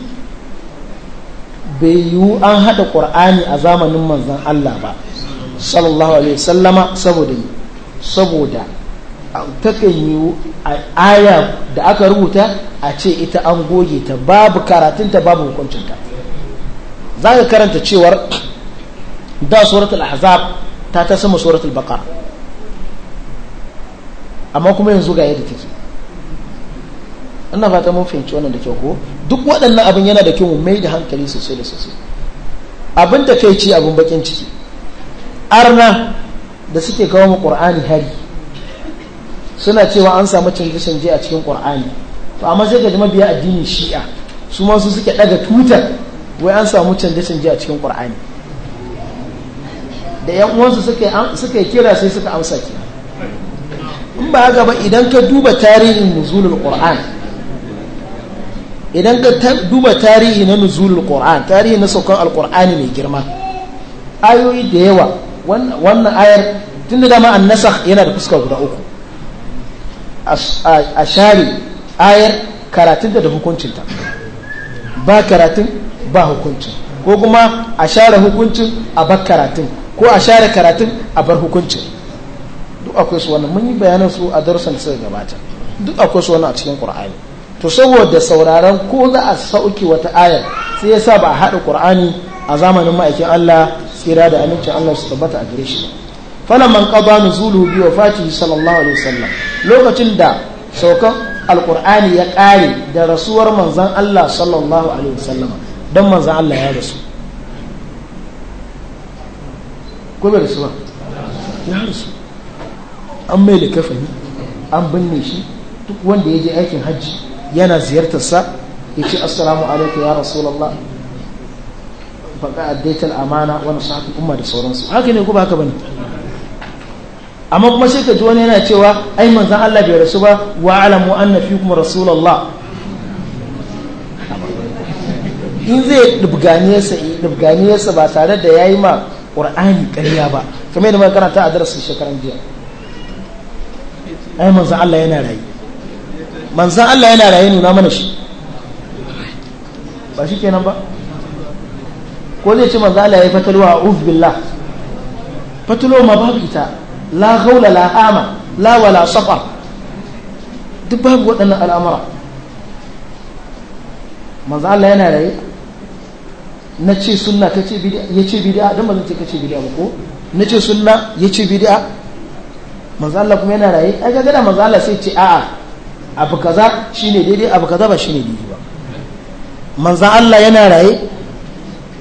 bai yiwu an haɗa ƙur'ani a zamanin manzan Allah ba sallallahu alaihi sallama saboda yi saboda takan yiwu a aya da aka rubuta a ce ita an goge ta babu karatunta babu hukuncinta za ka karanta cewar da suratul ahzab ta ta sama suratul baqara amma kuma yanzu ga yadda take ina fata mun fahimci wannan da kyau ko duk waɗannan abin yana da kyau mu mai da hankali sosai da sosai abin da kai ci abin bakin ciki arna da suke kawo mu qur'ani hari suna cewa an samu canje-canje a cikin qur'ani to amma sai ga jama'a mabiya addinin shi'a su ma su suke daga tutar wai an samu canje-canje a cikin qur'ani da yan uwansu suka kira sai suka amsa ki in ba a gaba idan ka duba tarihin nuzulul ƙoran idan ka duba tarihi na nuzulul ƙoran tarihi na saukan alƙorani mai girma ayoyi da yawa wannan ayar tun da dama nasa yana da fuskar guda uku a share ayar karatun da hukuncinta ba karatun ba hukuncin ko kuma a share hukuncin a bak karatun ko a share karatun a bar hukuncin duk akwai su wannan mun yi bayanin su a darussan da gabata duk akwai su wannan a cikin qur'ani to saboda sauraron ko za a sauke wata ayar sai yasa ba a haɗa qur'ani a zamanin ma'aikin Allah tsira da amincin Allah su tabbata a gare shi falamman zulu nuzulu bi wafatihi sallallahu alaihi wasallam lokacin da saukan alqur'ani ya ƙare da rasuwar manzon Allah sallallahu alaihi wasallam dan manzon Allah ya rasu ko da su ba ya harsu an mai likafani an binne shi duk wanda ya je aikin hajji yana ziyartar sa ya ce assalamu alaikum ya rasulullah faɗa addaitar amana wani sa'afin kuma da sauransu haka ne ku ba haka ne amma kuma sai ka ji wani yana cewa ai manzan Allah bai rasu ba wa alamu anna kuma rasulallah in zai dubganiyarsa sa ba tare da ya yi ma qur'ani ƙariya ba kamar yadda karanta a darasin shekaran jiya ai manzan Allah yana rayu manzan Allah yana rayu nuna mana shi ba shi kenan ba ko zai ce manzan Allah ya yi fatalwa a ufbillah billah fatalo ma babu ita la haula la ama la wala safa duk babu waɗannan al'amura manzan Allah yana rayu na ce sunna ce ya ce bid'a don ba zan ce ka ce bid'a ba ko na ce suna ya ce bid'a mazala Allah kuma yana raye ai ga gada Allah sai ce a'a abu kaza shi ne daidai abu kaza ba shi ne daidai ba Manza Allah yana raye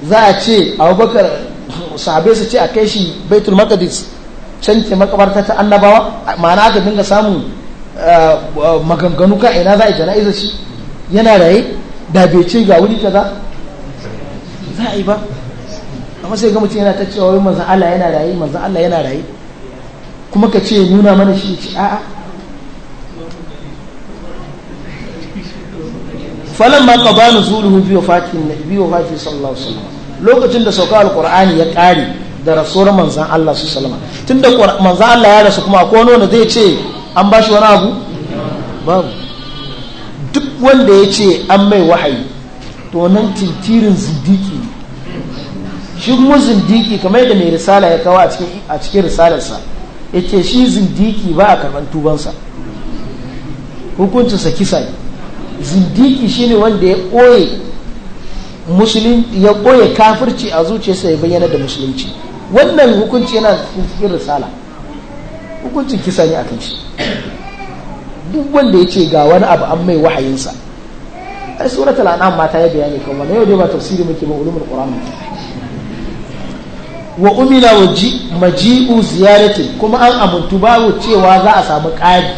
za a ce Abubakar sahabe su ce a kai shi Baitul Maqdis can ce makabarta ta annabawa ma'ana aka dinga samun eh, maganganu ka ina za a jana'iza shi yana raye da bai ce ga wuri kaza za a yi ba amma sai ga mutum yana ta cewa wai manzan Allah yana rayu manzan Allah yana rayu kuma ka ce nuna mana shi ce a'a falan ma ka bani zuluhu biyo fatin biyo fatin sallallahu alaihi wasallam lokacin da sauka alqur'ani ya kare da rasuwar manzan Allah su salama tunda manzan Allah ya rasu kuma akwai wanda zai ce an bashi wani abu babu duk wanda ya ce an mai wahayi to wannan tintirin zindiki shi kuma zindiki kamar yadda mai risala ya kawo a cikin risalarsa ya ce shi zindiki ba a karɓar tubansa hukuncinsa kisa ne zindiki ne wanda ya ɓoye musulun ya ɓoye kafirci a zuciyarsa ya bayyana da musulunci wannan hukunci yana cikin risala hukuncin kisa ne a kan shi duk wanda ya ce ga wani abu an mai wahayinsa ai suratul an'am ma ta yi bayani kan wannan yau dai ba tafsiri muke ba ulumul qur'an wa umila wa maji'u ziyarati kuma an amuntu babu cewa za a samu ƙari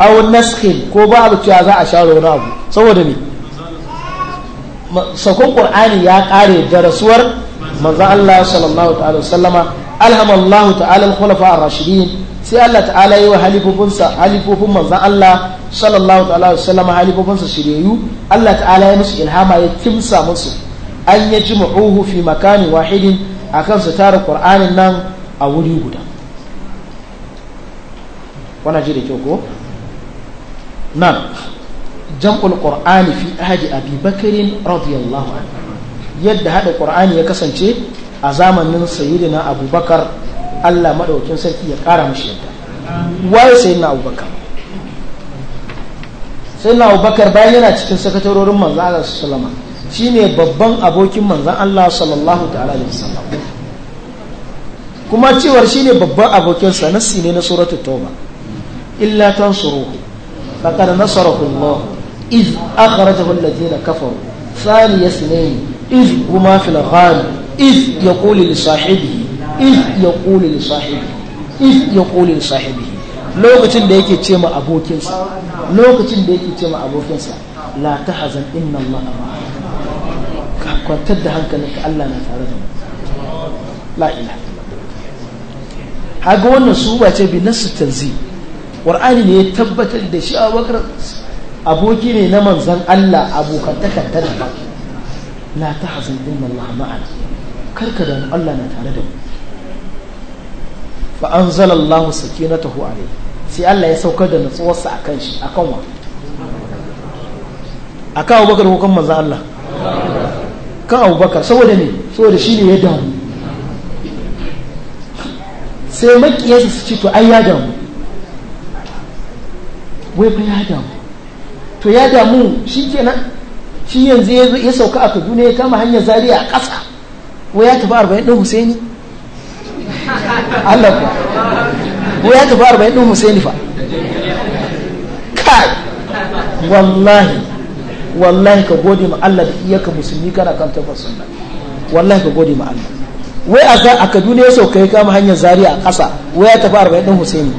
aw naskhin ko babu cewa za a share wani abu saboda ne sakon qur'ani ya kare da rasuwar manzon Allah sallallahu ta'ala sallama alhamallahu ta'ala al-khulafa ar-rashidin sai Allah ta'ala yi wa halifufin sa halifufin Allah sallallahu ta'ala wa sallama halifofinsa shiryayyu Allah ta'ala ya musu ilhama ya kimsa musu an ya ji ma'uhu fi makanin wahidin a kan su tara ƙur'anin nan a wuri guda wana ji da kyau ko nan jam'ul ƙur'ani fi ahadi abi bakarin radiyallahu anhu yadda haɗa ƙur'ani ya kasance a zamanin sayyidina abubakar Allah maɗaukin sarki ya ƙara mashi yadda waye sayyidina abubakar sai na abubakar bayan yana cikin sakatarorin manzan Allah su salama shi ne babban abokin manzan Allah sallallahu ta'ala da sallam kuma cewar shi ne babban abokinsa nassi ne na suratul tauba illa tansuruhu faqad nasarahu Allah iz akhrajahu alladhina kafaru thaniya sunayn iz huma fil ghar iz yaqulu li sahibihi iz yaqulu li sahibihi iz yaqulu li sahibihi lokacin da yake ce ma abokinsa lokacin da yake ce ma abokinsa la tahzan inna allaha ma'ana ka kwantar da hankali ka Allah na tare da mu la ilaha haga wannan su ba ce bi nasu tanzi qur'ani ne ya tabbatar da shi abubakar aboki ne na manzan Allah abokantaka ta da la tahzan inna allaha ma'ana karka da Allah na tare da mu فأنزل الله سكينته عليه sai Allah ya saukar da nutsuwarsa a kan shi a kan wa a kan abubakar ko kan manzan Allah kan abubakar saboda ne saboda shi ne ya damu sai makiyarsa su ce to ai ya damu wai ba ya damu to ya damu shi kenan shi yanzu ya sauka a kaduna ya kama hanyar zariya a ƙasa wai ya tafi arba'in ɗin husaini Allah ba ko ya tafi arba'in ɗin husaini fa kai wallahi wallahi ka gode ma Allah da iyaka musulmi kana kan tabbas sunna wallahi ka gode ma Allah wai a aka duniya sauka kai kama hanyar Zaria a ƙasa wai ya tafi arba'in ɗin husaini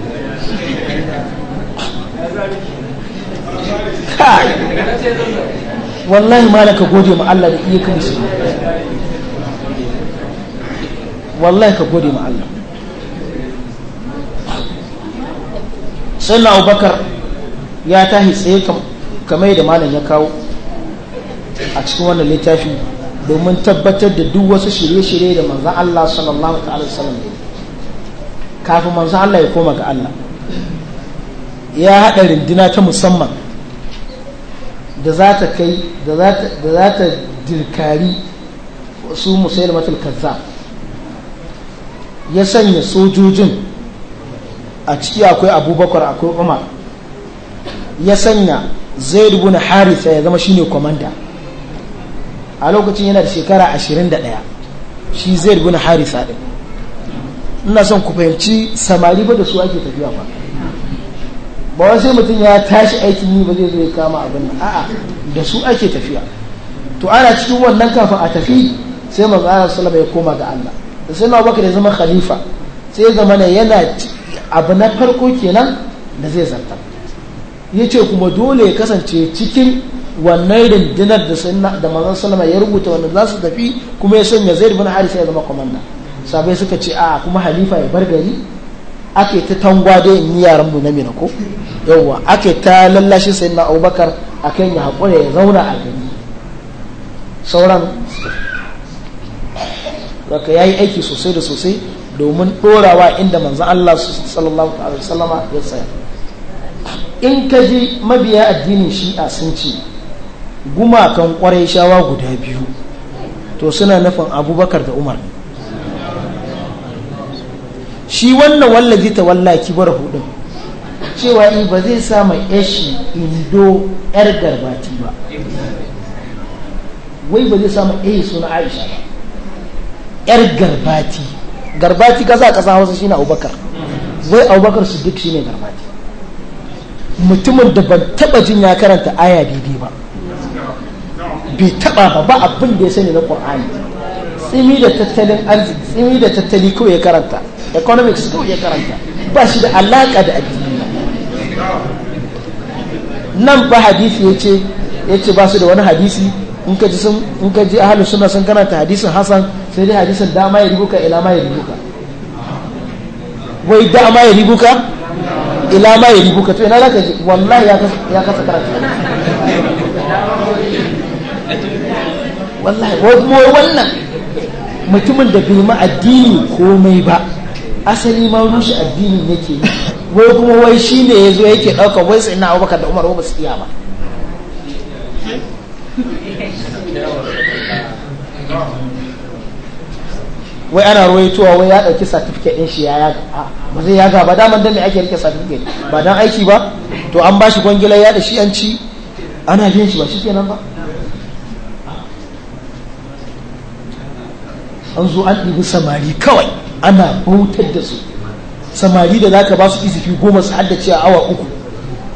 kai wallahi ma ka gode ma Allah da iyaka musulmi wallahi ka gode ma Allah sai abubakar ya tahi tsaye kamar da malam ya kawo a cikin wannan littafi domin tabbatar da duk wasu shirye-shirye da manzan Allah sallallahu ta'ala sallam kafin manzan Allah ya koma ga Allah ya haɗa rindina ta musamman da za ta kai da za ta dirkari su musayar matul ya sanya sojojin a ciki akwai abubakar akwai umar ya sanya zai na Harisa ya zama shine kwamanda a lokacin yana da shekara 21 shi zai na Harisa ɗin ina son ku fahimci samari ba da su ake tafiya ba ba wani sai mutum ya tashi aikin yi ba zai zo ya kama abin nan a'a da su ake tafiya to ana cikin wannan kafin a tafi sai manzo salama ya koma ga Allah sai ma baka da zama khalifa sai zama ne yana abu na farko kenan da zai zartar ya ce kuma dole ya kasance cikin wannan rundunar da manzon salama ya rubuta wannan za su tafi kuma ya sanya zai bin harisa ya zama kwamanna sabai suka ce a kuma halifa ya bar gari ake ta tangwado in yi yaran mu na mina ko yawwa ake ta lallashi sai abubakar a kan ya haƙura ya zauna a gari sauran zaka ya yi aiki sosai da sosai domin ɗorawa inda manzo Allah sallallahu alaihi wasallam ya tsaya in ka ji mabiya addinin shi'a sun ce gumakan kwarai shawa guda biyu to suna nufin abubakar da umar shi wannan wallazi ta wallaki bar hudun cewa in ba zai sa mai yashi indo yar garbati ba wai ba zai sa mai yashi suna aisha ba yar garbati garbati kasa kasa hausa shine abubakar wai abubakar su duk shine garbati mutumin da ban taba jin ya karanta aya daidai ba bai taba ba ba abin da ya sani na qur'ani tsimi da tattalin arziki tsimi da tattali kawai ya karanta economics kawai ya karanta ba shi da alaka da addini nan ba hadisi ya ce ya ce ba su da wani hadisi in ka ji sun sunna sun karanta hadisin hasan sai dai hadisin dama ya ribuka ila ma ya ribuka wai dama ya ribuka ila ma ya ribuka to ina zaka ji wallahi ya kasa karatu wallahi kuma wannan mutumin da bai ma addini komai ba asali ma rushe addini yake yi wai kuma wai shi ne ya zo yake ɗauka wai sai na abubakar da umar ba su iya ba wai ana tuwa wai ya ɗauki certificate ɗin shi ya yaga ba zai yaga ba daman dan me ake rike certificate ba dan aiki ba to an bashi gwangila ya da shi an ci ana jin shi ba shi kenan ba an zo an ɗibi samari kawai ana bautar da su samari da zaka ba su izifi goma su haddace a awa uku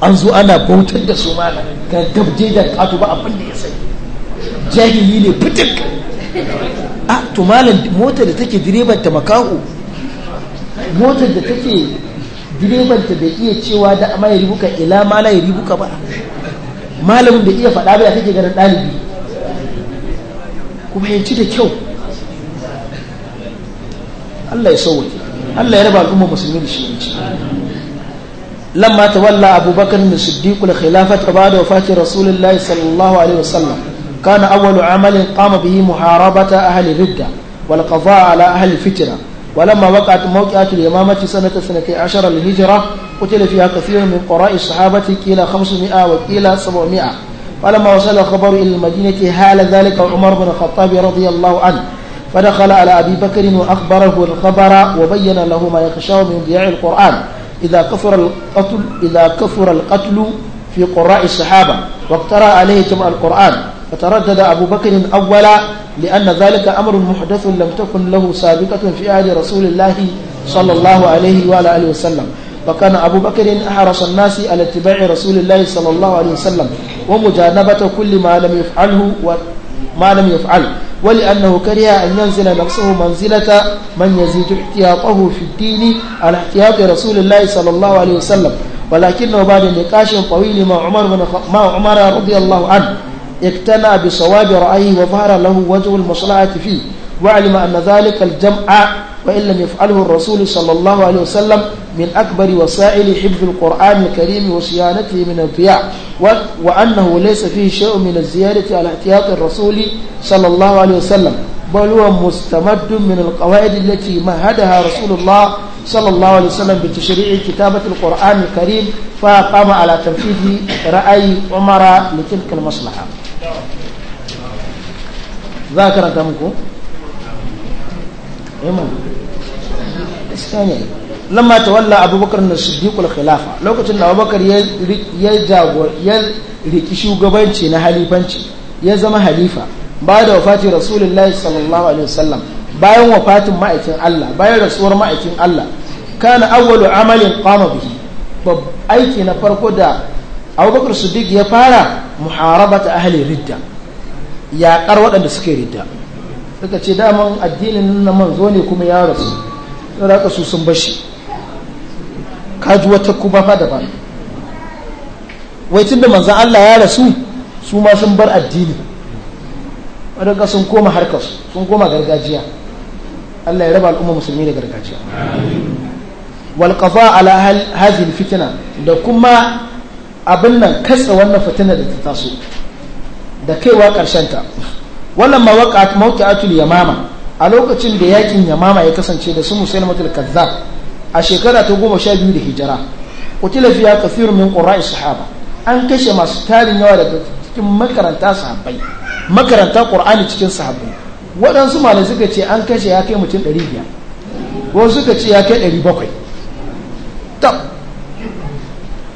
an zo ana bautar da su mana ga dabje da kato ba abin da ya sai jahili ne fitik a to malam motar da take direban ta makaho motar da take direban ta bai iya cewa da ma ya ribuka ila ma la ya ribuka ba malamin da iya faɗa ba take ganin ɗalibi ku fahimci da kyau Allah ya sauwake Allah ya raba al'umma musulmi da shi shirinci lamma walla abubakar min siddiqul khilafata ba'da wafati rasulullahi sallallahu alaihi wasallam كان أول عمل قام به محاربة أهل الردة والقضاء على أهل الفتنة ولما وقعت موقعة اليمامة سنة 12 للهجرة قتل فيها كثير من قراء الصحابة قيل 500 وقيل 700 فلما وصل الخبر إلى المدينة هال ذلك عمر بن الخطاب رضي الله عنه فدخل على أبي بكر وأخبره الخبر وبين له ما يخشاه من ضياع القرآن إذا كثر القتل إذا كثر القتل في قراء الصحابة واقترأ عليه جمع القرآن فتردد أبو بكر أولا لأن ذلك أمر محدث لم تكن له سابقة في عهد رسول الله صلى الله عليه وعلى آله وسلم وكان أبو بكر أحرص الناس على اتباع رسول الله صلى الله عليه وسلم ومجانبة كل ما لم يفعله وما لم يفعل ولأنه كره أن ينزل نفسه منزلة من يزيد احتياطه في الدين على احتياط رسول الله صلى الله عليه وسلم ولكنه بعد نقاش طويل مع عمر, مع عمر رضي الله عنه اقتنع بصواب رأيه وظهر له وجه المصلحة فيه واعلم أن ذلك الجمع وإن لم يفعله الرسول صلى الله عليه وسلم من أكبر وسائل حفظ القرآن الكريم وصيانته من الضياع وأنه ليس فيه شيء من الزيادة على احتياط الرسول صلى الله عليه وسلم بل هو مستمد من القواعد التي مهدها رسول الله صلى الله عليه وسلم بتشريع كتابة القرآن الكريم فقام على تنفيذ رأي عمر لتلك المصلحة za a karanta muku eh, lamma walla abubakar na shidikul khilafa lokacin da abubakar ya jagor ya riki shugabanci na halifanci ya zama halifa ba da wafati rasulullahi sallallahu alaihi wasallam bayan wafatin ma'aikin Allah bayan rasuwar ma'aikin Allah kana awwalu amalin qama bihi aiki na farko da abubakar shidik ya fara muharabata ahli ridda yaƙar waɗanda suka rita suka ce daman addinin na manzo ne kuma ya rasu raka su sun bashi kaji wata kuma fa daban wai da manzan Allah ya rasu su ma sun bar addini waɗanda sun koma harkar sun koma gargajiya Allah ya raba al'umma musulmi da gargajiya walƙafa ala hazin fitina da kuma abin nan katsa wannan fitina da ta taso da kaiwa ta wannan ma waqa'at mawqi'atul yamama a lokacin da yakin yamama ya kasance da su musulmatul kazzab a shekara ta goma sha biyu da hijira kutila fiya kafirun min qura'i sahaba an kashe masu tarin yawa daga cikin makaranta sahabbai makaranta qur'ani cikin sahabbai waɗansu malai suka ce an kashe ya kai mutum ɗari biyar ko suka ce ya kai bakwai ta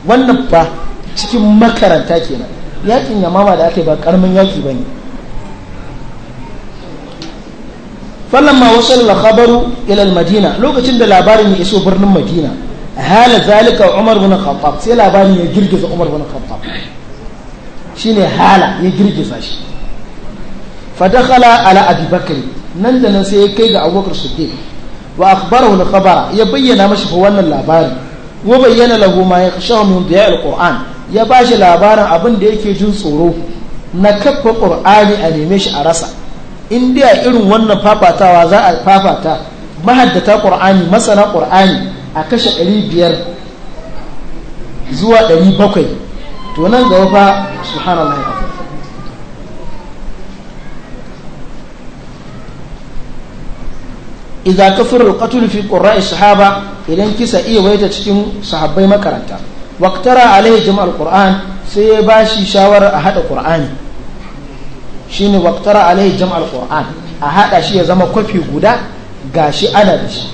wannan ba cikin makaranta kenan yakin mama da aka ba karamin yaki ba ne falamma wasu lakabaru ilal madina lokacin da labarin ya iso birnin madina hala zalika umar bin khattab sai labarin ya girgiza umar bin khattab shine hala ya girgiza shi fadakhala ala abi bakr nan da nan sai ya kai ga abubakar siddiq wa akhbarahu al-khabara ya bayyana mashi fa wannan labari wa bayyana lahu ma yakhshahu min diya al-qur'an ya ba shi labarin abin da yake jin tsoro na kafa ƙur'ani a neme shi a rasa indiya irin wannan fafatawa za a fafata mahaddata ƙur'ani masana ƙur'ani a kashe 500 biyar zuwa 700 bakwai to nan gaba fa subhanallah إذا كفر القتل في fi الصحابة sahaba idan kisa iya waita cikin sahabbai makaranta waktara alaihi jama'ar qur'an sai ya ba shi shawarar a haɗa qur'ani shine waktara alaihi jama'ar qur'an a haɗa shi ya zama kwafi guda ga shi ana da shi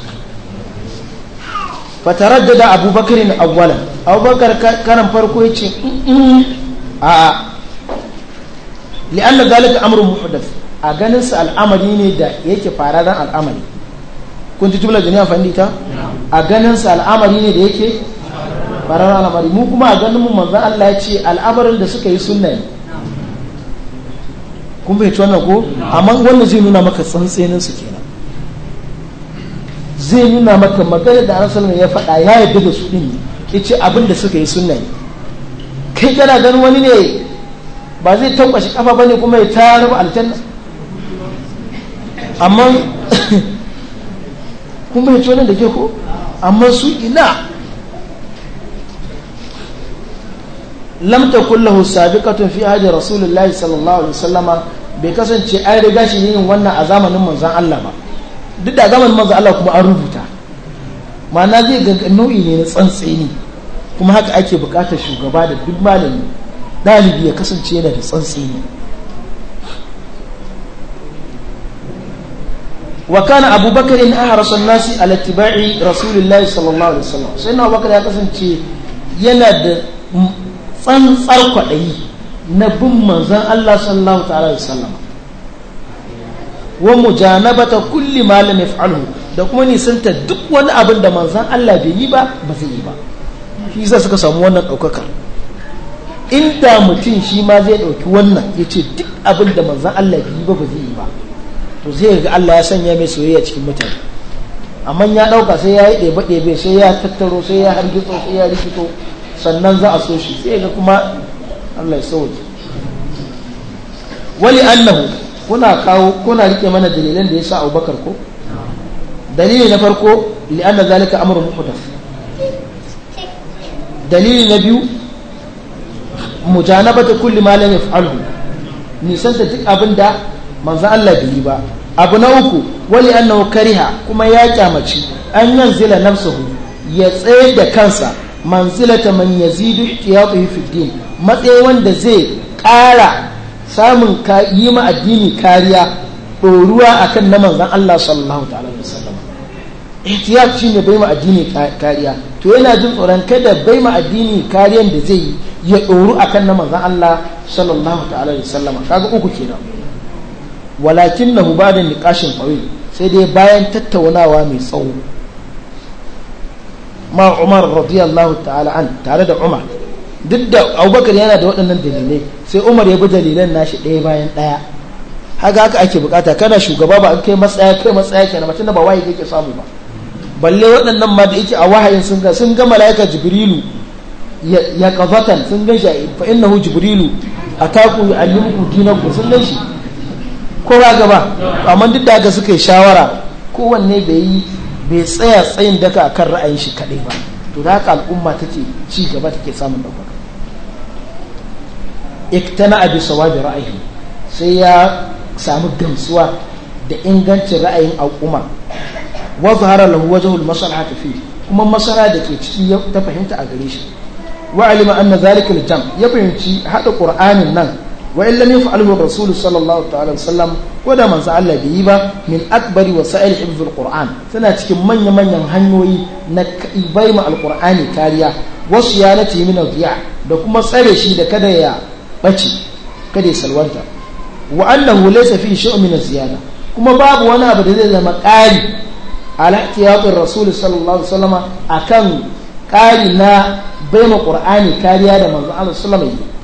da abubakar ne awwalan abubakar karan farko ya ce a li'anna zalika amrun muhdath a ganin su al'amari ne da yake fara dan al'amari kun ji jumlar da ni amfani ta a ganin su al'amari ne da yake farar al'amari mu kuma a ganin mu manzan Allah ya ce al'amarin da suka yi sunna ne kun bai ci wannan ko amma wannan zai nuna maka tsantsenin su kenan zai nuna maka magana da Annabi ya faɗa ya yadda da su din ne ce abin da suka yi sunna ne kai kana ganin wani ne ba zai tankwashi kafa bane kuma ya tayar ba aljanna amma kun bai ci da ke ko amma su ina lam takun lahu sabiqatun fi hadi rasulullahi sallallahu alaihi wasallama bai kasance an riga shi yin wannan a zamanin manzon Allah ba duk da zamanin manzon Allah kuma an rubuta ma'ana zai ga nau'i ne na tsantseni kuma haka ake buƙatar shugaba da duk malami dalibi ya kasance yana da tsantseni wa kana abubakar in ahrasu an-nasi ala ittiba'i rasulillahi sallallahu alaihi wasallam sai na abubakar ya kasance yana da tsantsar kwaɗayi na bin manzan Allah sallallahu ta'ala da sallama wa mujanabata kulli malam yaf'alhu da kuma nisanta duk wani abin da manzan Allah bai yi ba ba zai yi ba shi yasa suka samu wannan ɗaukakar inda mutum shi ma zai ɗauki wannan ya ce duk abin da manzan Allah bai yi ba ba zai yi ba to zai ga Allah ya sanya mai soyayya cikin mutane amma ya ɗauka sai ya yi ɗebe-ɗebe sai ya tattaro sai ya hargitso sai ya rikito sannan za a so shi sai ga kuma Allah ya sauke wali annahu kuna kawo kuna rike mana dalilan da yasa Abubakar ko dalili na farko li anna zalika amrun muhdath dalili na biyu mujanabatu kulli ma lam yaf'alhu nisan ta duk abinda manzo Allah bai yi ba abu na uku wali annahu kariha kuma ya kyamaci an yanzila nafsuhu ya tsaye da kansa manzilata man yazidu ihtiyatuhu fi din matsayi wanda zai ƙara samun yi ma addini kariya ɗoruwa akan na manzan Allah sallallahu ta'ala alaihi wasallam ihtiyat ne bai ma addini kariya to yana jin tsoron kada bai ma addini kariyan da zai yi ya ɗoru akan na manzan Allah sallallahu ta'ala alaihi sallama kaga uku kenan walakin nahu ba da niqashin qawi sai dai bayan tattaunawa mai tsawo ma umar radiyallahu ta'ala an tare da umar duk da abubakar yana da waɗannan dalilai sai umar ya bi dalilan nashi ɗaya bayan ɗaya haka haka ake bukata kana shugaba ba kai matsaya kai matsaya kenan ba tunda ba wahayi kake samu ba balle waɗannan ma da yake a wahayin sun ga sun ga malaika jibrilu ya kafatan sun ga shi fa innahu jibrilu ataku yu'allimukum dinakum sun gan shi ko ba gaba amma duk da haka suka yi shawara kowanne bai yi bai tsaya tsayin daka akan ra'ayin shi kaɗai ba to da haka al'umma take ci gaba take samun ɗaukaka iktana bisa sawabi ra'ayi sai ya samu gamsuwa da ingancin ra'ayin al'umma wa hara lahu wajen wajhul ta fi kuma masara da ke ciki ta fahimta a gare shi wa'alima an na zalika jam ya fahimci haɗa ƙur'anin nan wa in lam yaf'alhu rasul sallallahu ta'ala wasallam ko da manzo Allah bai yi ba min akbari wasa'il al qur'an tana cikin manyan manyan hanyoyi na bai ma al alqur'ani kariya wasu ya lati min adiya da kuma tsare shi da kada ya bace kada ya salwanta wa annahu laysa fi shay'un min ziyada kuma babu wani abu da zai zama ƙari ala ihtiyatir rasul sallallahu alaihi wasallama akan ƙari na bai ma qur'ani kariya da manzo Allah sallallahu alaihi wasallam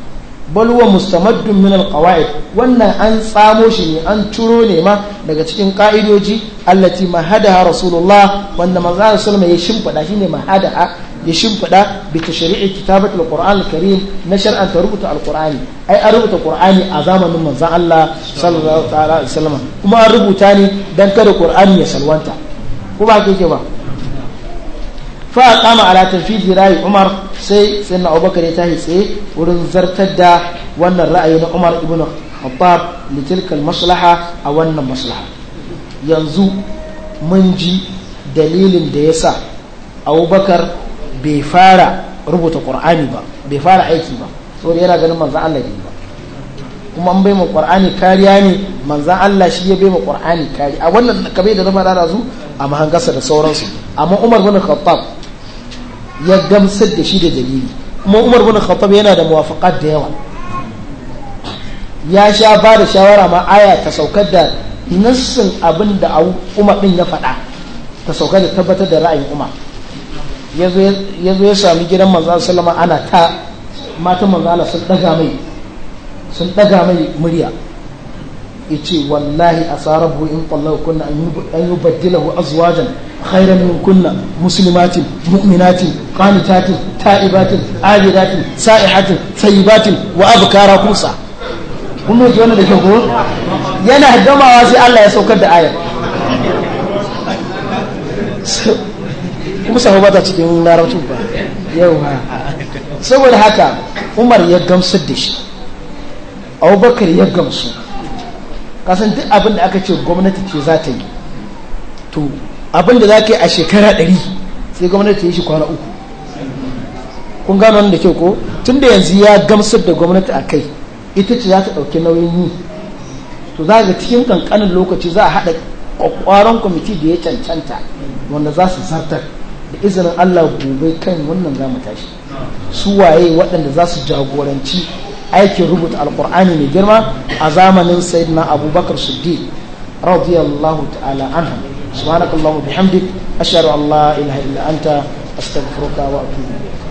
bal huwa mustamaddun min alqawaid wannan an tsamo shi ne an turo ne ma daga cikin ka'idoji allati mahadaha rasulullah wanda manzo sallallahu ya shimfida shine mahadaha ya shimfida bi tashri'i kitabatul qur'an alkarim na shar'an ta rubuta alqur'ani ai an rubuta qur'ani a zamanin manzo Allah sallallahu alaihi wasallam kuma an rubuta ne dan kada qur'ani ya salwanta ko ba kike ba fa kama ala tanfidi ra'ayi umar sai sayyidina abubakar ya tashi tsaye wurin zartar da wannan ra'ayi na umar ibn khattab litilkal maslaha a wannan maslaha yanzu mun ji dalilin da yasa abubakar bai fara rubuta qur'ani ba bai fara aiki ba saboda yana ganin manzon Allah ne ba kuma an bai ma qur'ani kariya ne manzan Allah shi ya bai ma qur'ani kariya a wannan kabe da zama rana zu a mahangarsa da sauransu amma Umar bin Khattab ya gamsar da shi da dalili kuma umar bin khattab yana da muwafaqat da yawa ya sha ba da shawara ma aya ta saukar da nassin abin da umar din ya faɗa ta saukar da tabbatar da ra'ayin umar ya zo ya sami gidan manzo sallama ana ta matan manzo sun daga mai sun daga mai murya yace wallahi asarabu in tallahu kunna an yubaddilahu azwajan khairan min kunna muslimatin mu'minatin qanitatin ta'ibatin abidatin sa'ihatin sayyibatin wa abkara kusa kun ji wannan da ke ko yana gamawa sai Allah ya saukar da ayar kuma sahu ba ta cikin larabcin ba yau saboda haka umar ya gamsar da shi abubakar ya gamsu kasan duk abin da aka ce gwamnati ce za ta yi to abin da za ka yi a shekara ɗari sai gwamnati ta yi shi kwana uku kun gano wanda kyau ko tun da yanzu ya gamsar da gwamnati a kai ita ce za ta ɗauki nauyin yi to za ga cikin kankanin lokaci za a haɗa kwakwaron kwamiti da ya cancanta wanda za su zartar da izinin allah gobe kan wannan za mu tashi su waye waɗanda za su jagoranci aikin rubuta alkur'ani mai girma a zamanin sayyidina abubakar siddiq radiyallahu ta'ala anhu subhanakallahumma bihamdik ashhadu allah la ilaha illa anta astaghfiruka wa atubu